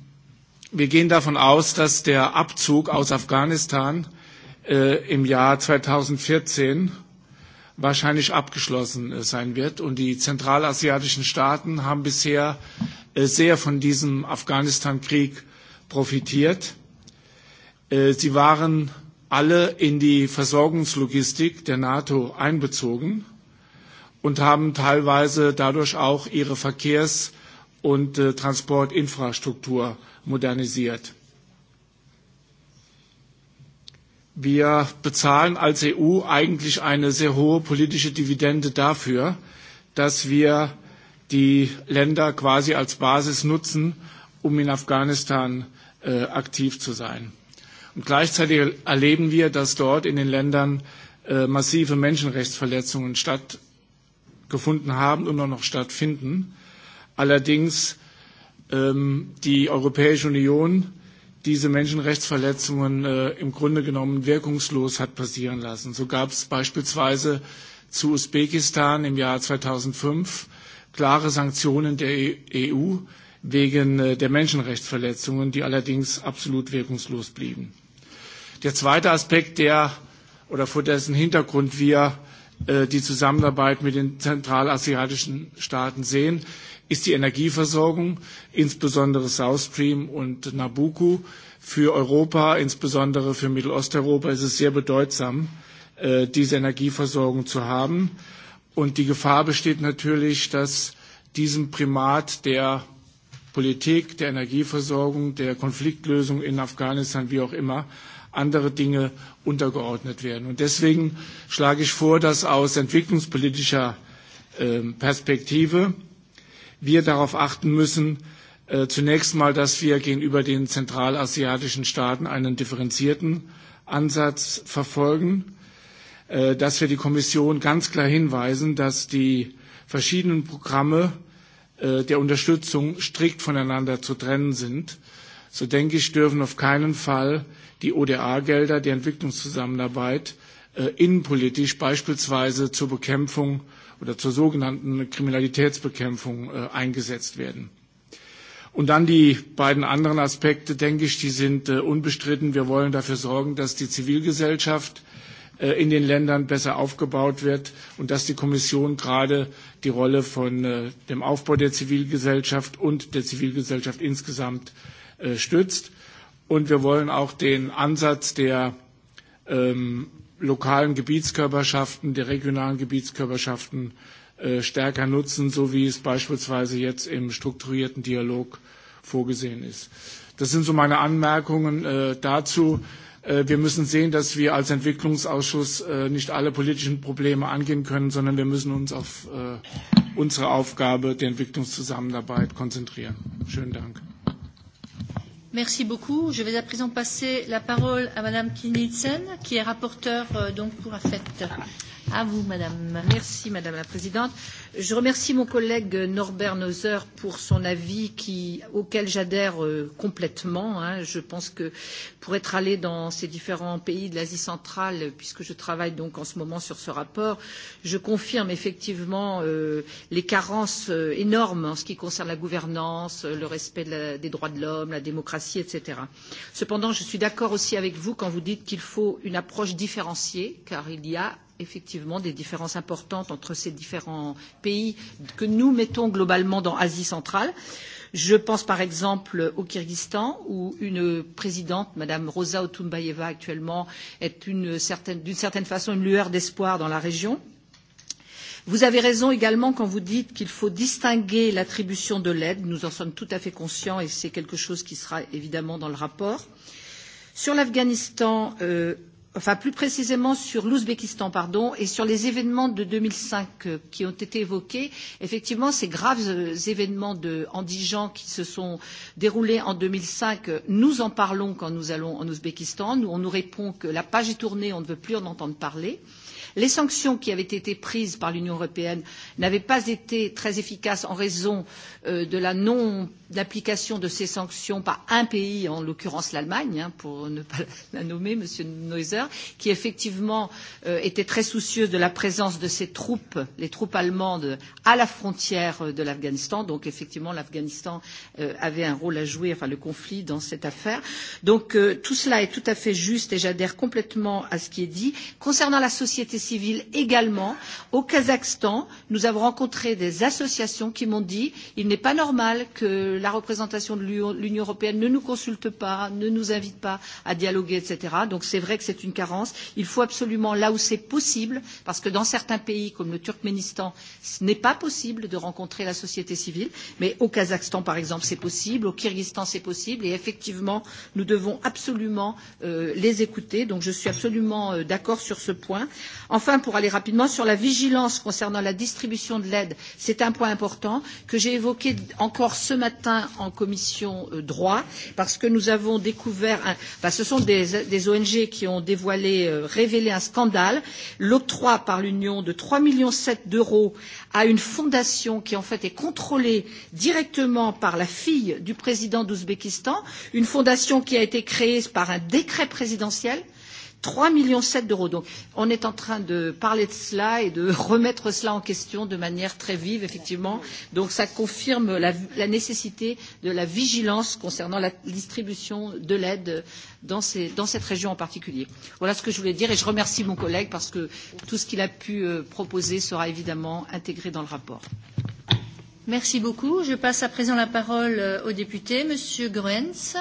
wir gehen davon aus, dass der Abzug aus Afghanistan äh, im Jahr 2014 wahrscheinlich abgeschlossen äh, sein wird. Und die zentralasiatischen Staaten haben bisher äh, sehr von diesem Afghanistan-Krieg profitiert. Äh, sie waren alle in die Versorgungslogistik der NATO einbezogen und haben teilweise dadurch auch ihre Verkehrs- und äh, Transportinfrastruktur modernisiert. Wir bezahlen als EU eigentlich eine sehr hohe politische Dividende dafür, dass wir die Länder quasi als Basis nutzen, um in Afghanistan äh, aktiv zu sein. Und gleichzeitig erleben wir, dass dort in den Ländern äh, massive Menschenrechtsverletzungen stattgefunden haben und auch noch stattfinden. Allerdings ähm, die Europäische Union diese Menschenrechtsverletzungen äh, im Grunde genommen wirkungslos hat passieren lassen. So gab es beispielsweise zu Usbekistan im Jahr 2005 klare Sanktionen der EU e wegen äh, der Menschenrechtsverletzungen, die allerdings absolut wirkungslos blieben. Der zweite Aspekt, der oder vor dessen Hintergrund wir äh, die Zusammenarbeit mit den zentralasiatischen Staaten sehen, ist die Energieversorgung, insbesondere South Stream und Nabucco. Für Europa, insbesondere für Mittelosteuropa, ist es sehr bedeutsam, äh, diese Energieversorgung zu haben. Und die Gefahr besteht natürlich, dass diesem Primat der Politik, der Energieversorgung, der Konfliktlösung in Afghanistan, wie auch immer, andere Dinge untergeordnet werden. Und deswegen schlage ich vor, dass aus entwicklungspolitischer ähm, Perspektive wir darauf achten müssen, äh, zunächst mal, dass wir gegenüber den zentralasiatischen Staaten einen differenzierten Ansatz verfolgen, äh, dass wir die Kommission ganz klar hinweisen, dass die verschiedenen Programme äh, der Unterstützung strikt voneinander zu trennen sind. So denke ich, dürfen auf keinen Fall die ODA-Gelder, die Entwicklungszusammenarbeit äh, innenpolitisch beispielsweise zur Bekämpfung oder zur sogenannten Kriminalitätsbekämpfung äh, eingesetzt werden. Und dann die beiden anderen Aspekte, denke ich, die sind äh, unbestritten. Wir wollen dafür sorgen, dass die Zivilgesellschaft äh, in den Ländern besser aufgebaut wird und dass die Kommission gerade die Rolle von äh, dem Aufbau der Zivilgesellschaft und der Zivilgesellschaft insgesamt äh, stützt. Und wir wollen auch den Ansatz der ähm, lokalen Gebietskörperschaften, der regionalen Gebietskörperschaften äh, stärker nutzen, so wie es beispielsweise jetzt im strukturierten Dialog vorgesehen ist. Das sind so meine Anmerkungen äh, dazu. Äh, wir müssen sehen, dass wir als Entwicklungsausschuss äh, nicht alle politischen Probleme angehen können, sondern wir müssen uns auf äh, unsere Aufgabe der Entwicklungszusammenarbeit konzentrieren. Schönen Dank. Merci beaucoup. Je vais à présent passer la parole à Madame Knudsen, qui est rapporteure euh, donc pour AFET. À vous, madame. Merci, madame la présidente. Je remercie mon collègue Norbert Neuser pour son avis qui, auquel j'adhère euh, complètement. Hein. Je pense que pour être allé dans ces différents pays de l'Asie centrale, puisque je travaille donc en ce moment sur ce rapport, je confirme effectivement euh, les carences euh, énormes en ce qui concerne la gouvernance, euh, le respect de la, des droits de l'homme, la démocratie, etc. Cependant, je suis d'accord aussi avec vous quand vous dites qu'il faut une approche différenciée, car il y a effectivement des différences importantes entre ces différents pays que nous mettons globalement dans Asie centrale. Je pense par exemple au Kyrgyzstan où une présidente, Madame Rosa Otunbayeva actuellement, est d'une certaine, certaine façon une lueur d'espoir dans la région. Vous avez raison également quand vous dites qu'il faut distinguer l'attribution de l'aide. Nous en sommes tout à fait conscients et c'est quelque chose qui sera évidemment dans le rapport. Sur l'Afghanistan, euh, enfin plus précisément sur l'Ouzbékistan pardon, et sur les événements de deux mille cinq euh, qui ont été évoqués. Effectivement, ces graves euh, événements de, en qui se sont déroulés en deux mille cinq, euh, nous en parlons quand nous allons en Ouzbékistan. Nous, on nous répond que la page est tournée, on ne veut plus en entendre parler. Euh, Les sanctions qui avaient été prises par l'Union européenne n'avaient pas été très efficaces en raison euh, de la non application de ces sanctions par un pays, en l'occurrence l'Allemagne, hein, pour ne pas la nommer, Monsieur Neuser, qui effectivement euh, était très soucieuse de la présence de ses troupes, les troupes allemandes, à la frontière euh, de l'Afghanistan. Donc effectivement, l'Afghanistan euh, avait un rôle à jouer, enfin le conflit dans cette affaire. Donc euh, tout cela est tout à fait juste et j'adhère complètement à ce qui est dit. Concernant la société civile également. Au Kazakhstan, nous avons rencontré des associations qui m'ont dit il n'est pas normal que la représentation de l'Union européenne ne nous consulte pas, ne nous invite pas à dialoguer, etc. Donc c'est vrai que c'est une carence. Il faut absolument, là où c'est possible, parce que dans certains pays comme le Turkménistan, ce n'est pas possible de rencontrer la société civile, mais au Kazakhstan, par exemple, c'est possible, au Kyrgyzstan, c'est possible, et effectivement, nous devons absolument euh, les écouter. Donc je suis absolument euh, d'accord sur ce point. Enfin, pour aller rapidement sur la vigilance concernant la distribution de l'aide, c'est un point important que j'ai évoqué encore ce matin en commission euh, droit, parce que nous avons découvert, un, ce sont des, des ONG qui ont dévoilé, euh, révélé un scandale, l'octroi par l'Union de 3,7 millions d'euros à une fondation qui en fait est contrôlée directement par la fille du président d'Ouzbékistan, une fondation qui a été créée par un décret présidentiel 3 millions d'euros. Donc on est en train de parler de cela et de remettre cela en question de manière très vive, effectivement. Donc ça confirme la, la nécessité de la vigilance concernant la distribution de l'aide dans, dans cette région en particulier. Voilà ce que je voulais dire et je remercie mon collègue parce que tout ce qu'il a pu euh, proposer sera évidemment intégré dans le rapport. Merci beaucoup. Je passe à présent la parole euh, au député, Monsieur Goerens.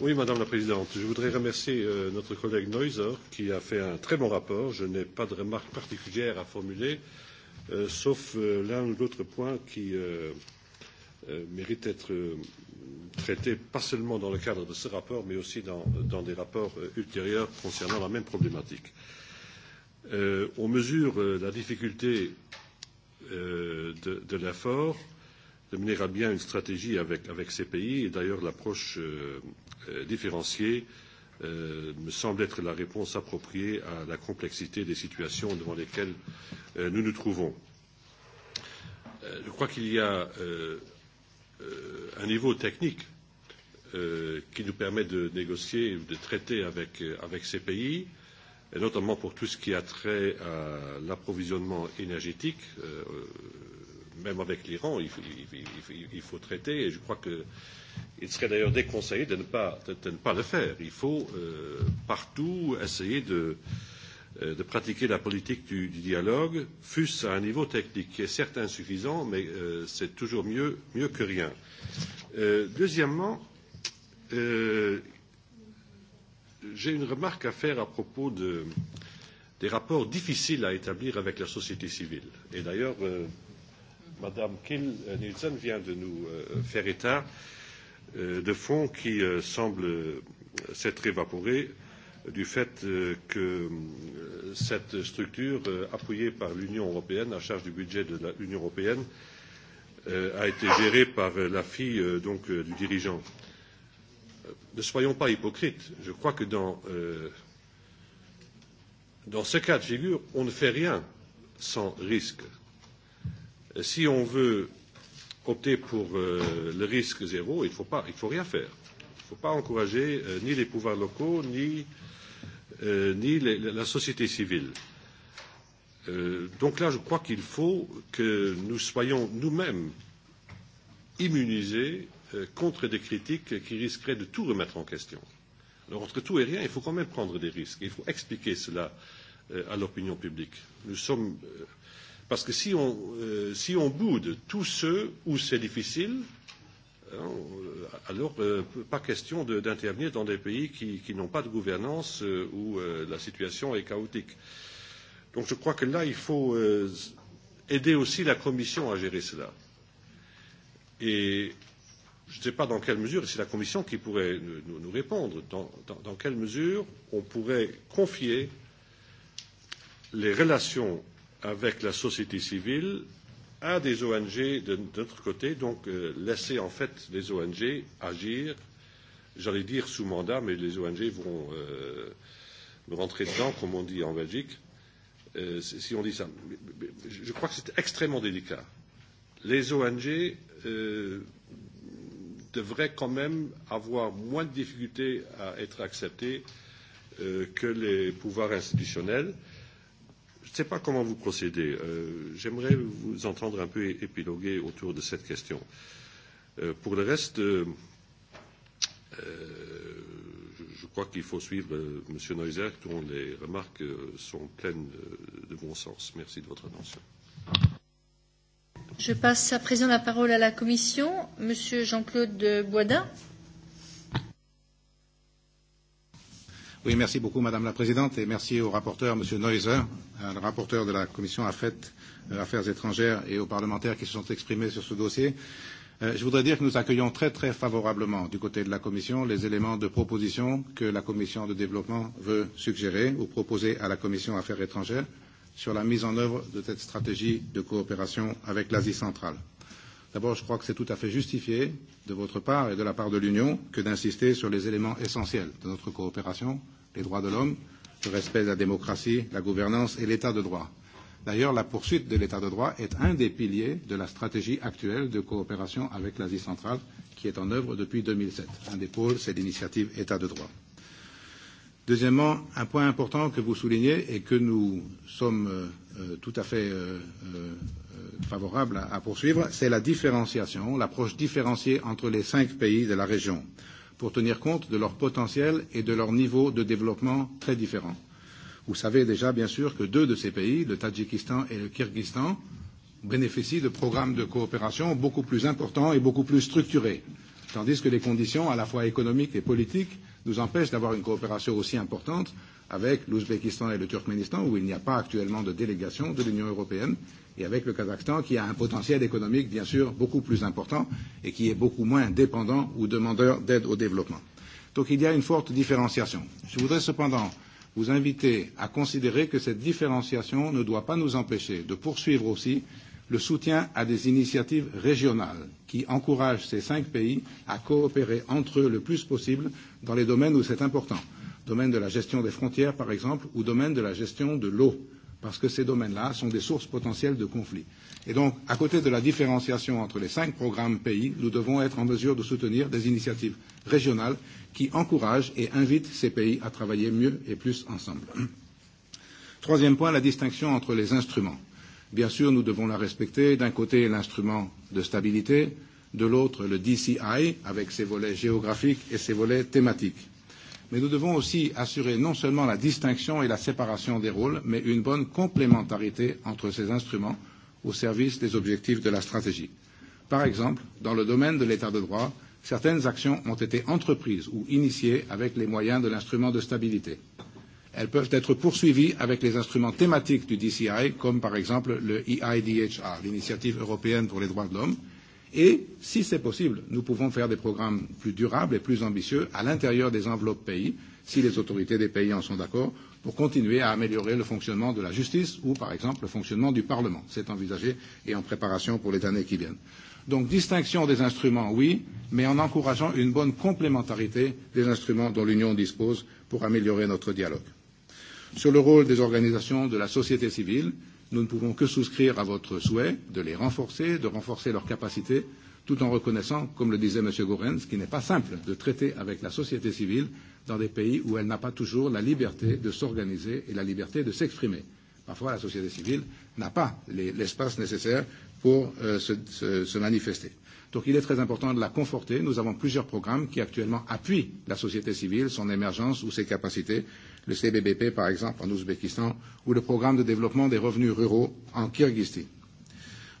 Oui, Madame la Présidente, je voudrais remercier euh, notre collègue Neuser qui a fait un très bon rapport. Je n'ai pas de remarques particulières à formuler, euh, sauf euh, l'un ou l'autre point qui euh, euh, mérite d'être euh, traité pas seulement dans le cadre de ce rapport, mais aussi dans, dans des rapports ultérieurs concernant la même problématique. on mesure la difficulté de, de l'effort de mener à bien une stratégie avec, avec ces pays. Et d'ailleurs, l'approche euh, Euh, différenciée euh, me semble être la réponse appropriée à la complexité des situations devant lesquelles euh, nous nous trouvons. Je crois qu'il y a un niveau technique qui nous permet de négocier ou de traiter avec, avec ces pays, et notamment pour tout ce qui a trait à l'approvisionnement énergétique. Même avec l'Iran, il, il, il, il faut traiter, et je crois que Il serait d'ailleurs déconseillé de ne, pas, de, de ne pas le faire. Il faut euh, partout essayer de, euh, de pratiquer la politique du, du dialogue, fût-ce à un niveau technique qui est certes insuffisant, mais euh, c'est toujours mieux, mieux que rien. Euh, deuxièmement, euh, j'ai une remarque à faire à propos de, des rapports difficiles à établir avec la société civile. Et d'ailleurs, euh, Madame Kiel Nielsen vient de nous euh, faire état euh, Euh, de fonds qui euh, semble s'être évaporé du fait euh, que cette structure, appuyée par l'Union européenne, à charge du budget de l'Union européenne, a été gérée par la fille donc, du dirigeant. Ne soyons pas hypocrites. Je crois que dans, dans ce cas de figure, on ne fait rien sans risque. Si on veut opter pour euh, le risque zéro, il ne faut, faut rien faire. Il ne faut pas encourager euh, ni les pouvoirs locaux, ni, euh, ni les, la société civile. Euh, donc là, je crois qu'il faut que nous soyons nous-mêmes immunisés euh, contre des critiques qui risqueraient de tout remettre en question. Alors, entre tout et rien, il faut quand même prendre des risques. Il faut expliquer cela euh, à l'opinion publique. Nous sommes. Euh, Parce que si on, euh, si on boude tous ceux où c'est difficile, euh, alors euh, pas question d'intervenir de, dans des pays qui, qui n'ont pas de gouvernance euh, où euh, la situation est chaotique. Donc je crois que là, il faut euh, aider aussi la Commission à gérer cela. Et je ne sais pas dans quelle mesure, et c'est la Commission qui pourrait nous, nous répondre, dans, dans, dans quelle mesure on pourrait confier les relations avec la société civile à des ONG de notre côté, donc euh, laisser en fait les ONG agir, j'allais dire sous mandat, mais les ONG vont euh, rentrer dedans, comme on dit en Belgique, euh, si on dit ça. Je crois que c'est extrêmement délicat. Les ONG euh, devraient quand même avoir moins de difficultés à être acceptées euh, que les pouvoirs institutionnels. Euh, je ne sais pas comment vous procédez. Euh, J'aimerais vous entendre un peu épiloguer autour de cette question. Euh, pour le reste, euh, euh je crois qu'il faut suivre euh, M. Neuser, dont les remarques euh, sont pleines euh, de bon sens. Merci de votre attention. Je passe à présent la parole à la Commission. Monsieur Jean-Claude Boisdin. Oui, merci beaucoup, Madame la Présidente, et merci au rapporteur, Monsieur Neuser, euh, le rapporteur de la Commission euh, Affaires étrangères, et aux parlementaires qui se sont exprimés sur ce dossier. Euh, je voudrais dire que nous accueillons très très favorablement du côté de la Commission les éléments de proposition que la Commission de développement veut suggérer ou proposer à la Commission Affaires étrangères sur la mise en œuvre de cette stratégie de coopération avec l'Asie centrale. D'abord, je crois que c'est tout à fait justifié de votre part et de la part de l'Union que d'insister sur les éléments essentiels de notre coopération, les droits de l'homme, le respect de la démocratie, la gouvernance et l'état de droit. D'ailleurs, la poursuite de l'état de droit est un des piliers de la stratégie actuelle de coopération avec l'Asie centrale qui est en œuvre depuis 2007. Un des pôles, c'est l'initiative état de droit. Deuxièmement, un point important que vous soulignez et que nous sommes euh, euh, tout à fait euh, euh, favorables à, à poursuivre, c'est la différenciation, l'approche différenciée entre les cinq pays de la région pour tenir compte de leur potentiel et de leur niveau de développement très différents. Vous savez déjà, bien sûr, que deux de ces pays, le Tadjikistan et le Kyrgyzstan, bénéficient de programmes de coopération beaucoup plus importants et beaucoup plus structurés, tandis que les conditions à la fois économiques et politiques nous empêchent d'avoir une coopération aussi importante avec l'Ouzbékistan et le Turkménistan, où il n'y a pas actuellement de délégation de l'Union européenne, et avec le Kazakhstan, qui a un potentiel économique, bien sûr, beaucoup plus important et qui est beaucoup moins dépendant ou demandeur d'aide au développement. Donc il y a une forte différenciation. Je voudrais cependant vous inviter à considérer que cette différenciation ne doit pas nous empêcher de poursuivre aussi le soutien à des initiatives régionales qui encouragent ces cinq pays à coopérer entre eux le plus possible dans les domaines où c'est important domaine de la gestion des frontières par exemple, ou domaine de la gestion de l'eau, parce que ces domaines-là sont des sources potentielles de conflits. Et donc, à côté de la différenciation entre les cinq programmes pays, nous devons être en mesure de soutenir des initiatives régionales qui encouragent et invitent ces pays à travailler mieux et plus ensemble. Troisième point, la distinction entre les instruments. Bien sûr, nous devons la respecter. D'un côté, l'instrument de stabilité, de l'autre, le DCI, avec ses volets géographiques et ses volets thématiques mais nous devons aussi assurer non seulement la distinction et la séparation des rôles, mais une bonne complémentarité entre ces instruments au service des objectifs de la stratégie. Par exemple, dans le domaine de l'état de droit, certaines actions ont été entreprises ou initiées avec les moyens de l'instrument de stabilité. Elles peuvent être poursuivies avec les instruments thématiques du DCI, comme par exemple le EIDHR, l'initiative européenne pour les droits de l'homme, Et si c'est possible, nous pouvons faire des programmes plus durables et plus ambitieux à l'intérieur des enveloppes pays, si les autorités des pays en sont d'accord, pour continuer à améliorer le fonctionnement de la justice ou, par exemple, le fonctionnement du Parlement. C'est envisagé et en préparation pour les années qui viennent. Donc, distinction des instruments, oui, mais en encourageant une bonne complémentarité des instruments dont l'Union dispose pour améliorer notre dialogue. Sur le rôle des organisations de la société civile, Nous ne pouvons que souscrire à votre souhait de les renforcer, de renforcer leurs capacités, tout en reconnaissant, comme le disait M. Gorenz, qu'il n'est pas simple de traiter avec la société civile dans des pays où elle n'a pas toujours la liberté de s'organiser et la liberté de s'exprimer. Parfois, la société civile n'a pas l'espace les, nécessaire pour euh, se, se, se manifester. Donc il est très important de la conforter. Nous avons plusieurs programmes qui actuellement appuient la société civile, son émergence ou ses capacités le CBBP par exemple en Ouzbékistan, ou le programme de développement des revenus ruraux en Kyrgyzstan.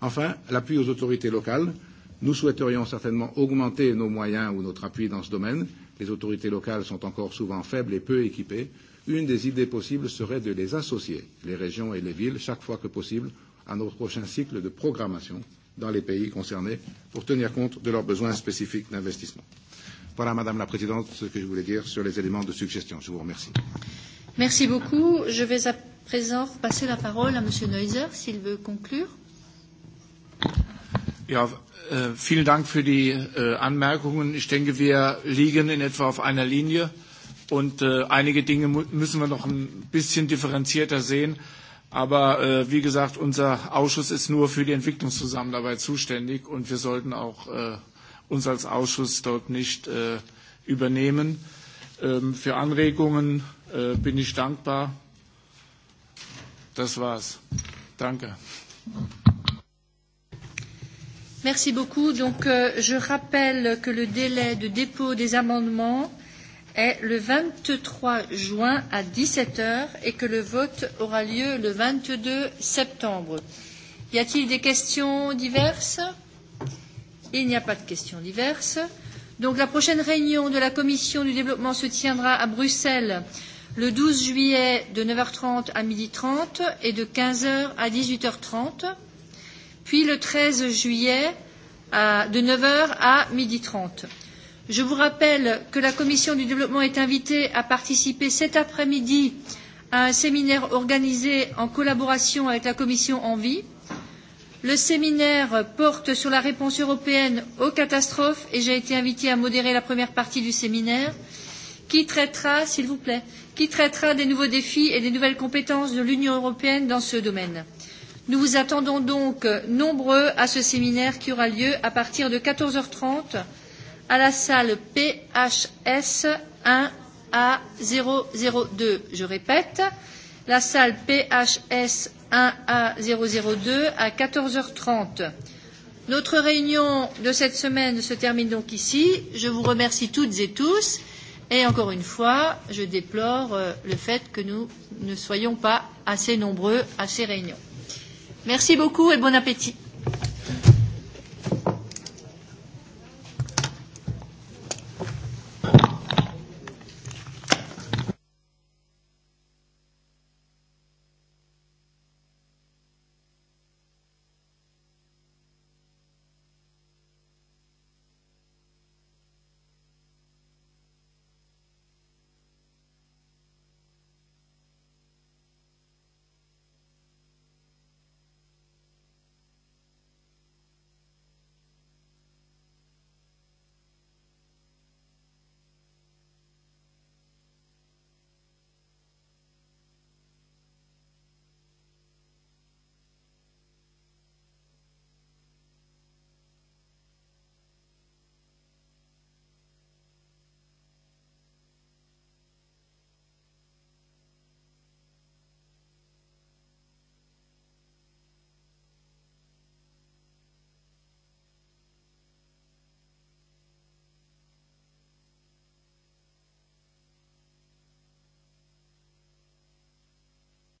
Enfin, l'appui aux autorités locales. Nous souhaiterions certainement augmenter nos moyens ou notre appui dans ce domaine. Les autorités locales sont encore souvent faibles et peu équipées. Une des idées possibles serait de les associer, les régions et les villes, chaque fois que possible, à nos prochains cycles de programmation dans les pays concernés pour tenir compte de leurs besoins spécifiques d'investissement. Voilà, Madame la Présidente, ce que je voulais dire sur les éléments de suggestion. Je vous remercie. Merci beaucoup. Je vais à présent passer la parole à Monsieur Neuser, s'il veut conclure. Ja, äh, vielen Dank für die äh, Anmerkungen. Ich denke, wir liegen in etwa auf einer Linie und äh, einige Dinge müssen wir noch ein bisschen differenzierter sehen. Aber äh, wie gesagt, unser Ausschuss ist nur für die Entwicklungszusammenarbeit zuständig und wir sollten auch äh, uns als Ausschuss dort nicht äh, übernehmen. Ähm, für Anregungen äh, bin ich dankbar. Das war's. Danke. Merci beaucoup. Donc, euh, je rappelle que le délai de dépôt des amendements est le 23 juin à 17 heures et que le vote aura lieu le 22 septembre. Y a-t-il des questions diverses? Il n'y a pas de questions diverses. Donc la prochaine réunion de la Commission du développement se tiendra à Bruxelles le 12 juillet de 9h30 à 12h30 et de 15h à 18h30, puis le 13 juillet à, de 9h à 12h30. Je vous rappelle que la Commission du développement est invitée à participer cet après-midi à un séminaire organisé en collaboration avec la Commission Envie Le séminaire porte sur la réponse européenne aux catastrophes et j'ai été invitée à modérer la première partie du séminaire qui traitera, s'il vous plaît, qui traitera des nouveaux défis et des nouvelles compétences de l'Union européenne dans ce domaine. Nous vous attendons donc nombreux à ce séminaire qui aura lieu à partir de 14h30 à la salle PHS 1A002. Je répète, la salle PHS 1 A 002 à 14h30. Notre réunion de cette semaine se termine donc ici. Je vous remercie toutes et tous. Et encore une fois, je déplore euh, le fait que nous ne soyons pas assez nombreux à ces réunions. Merci beaucoup et bon appétit.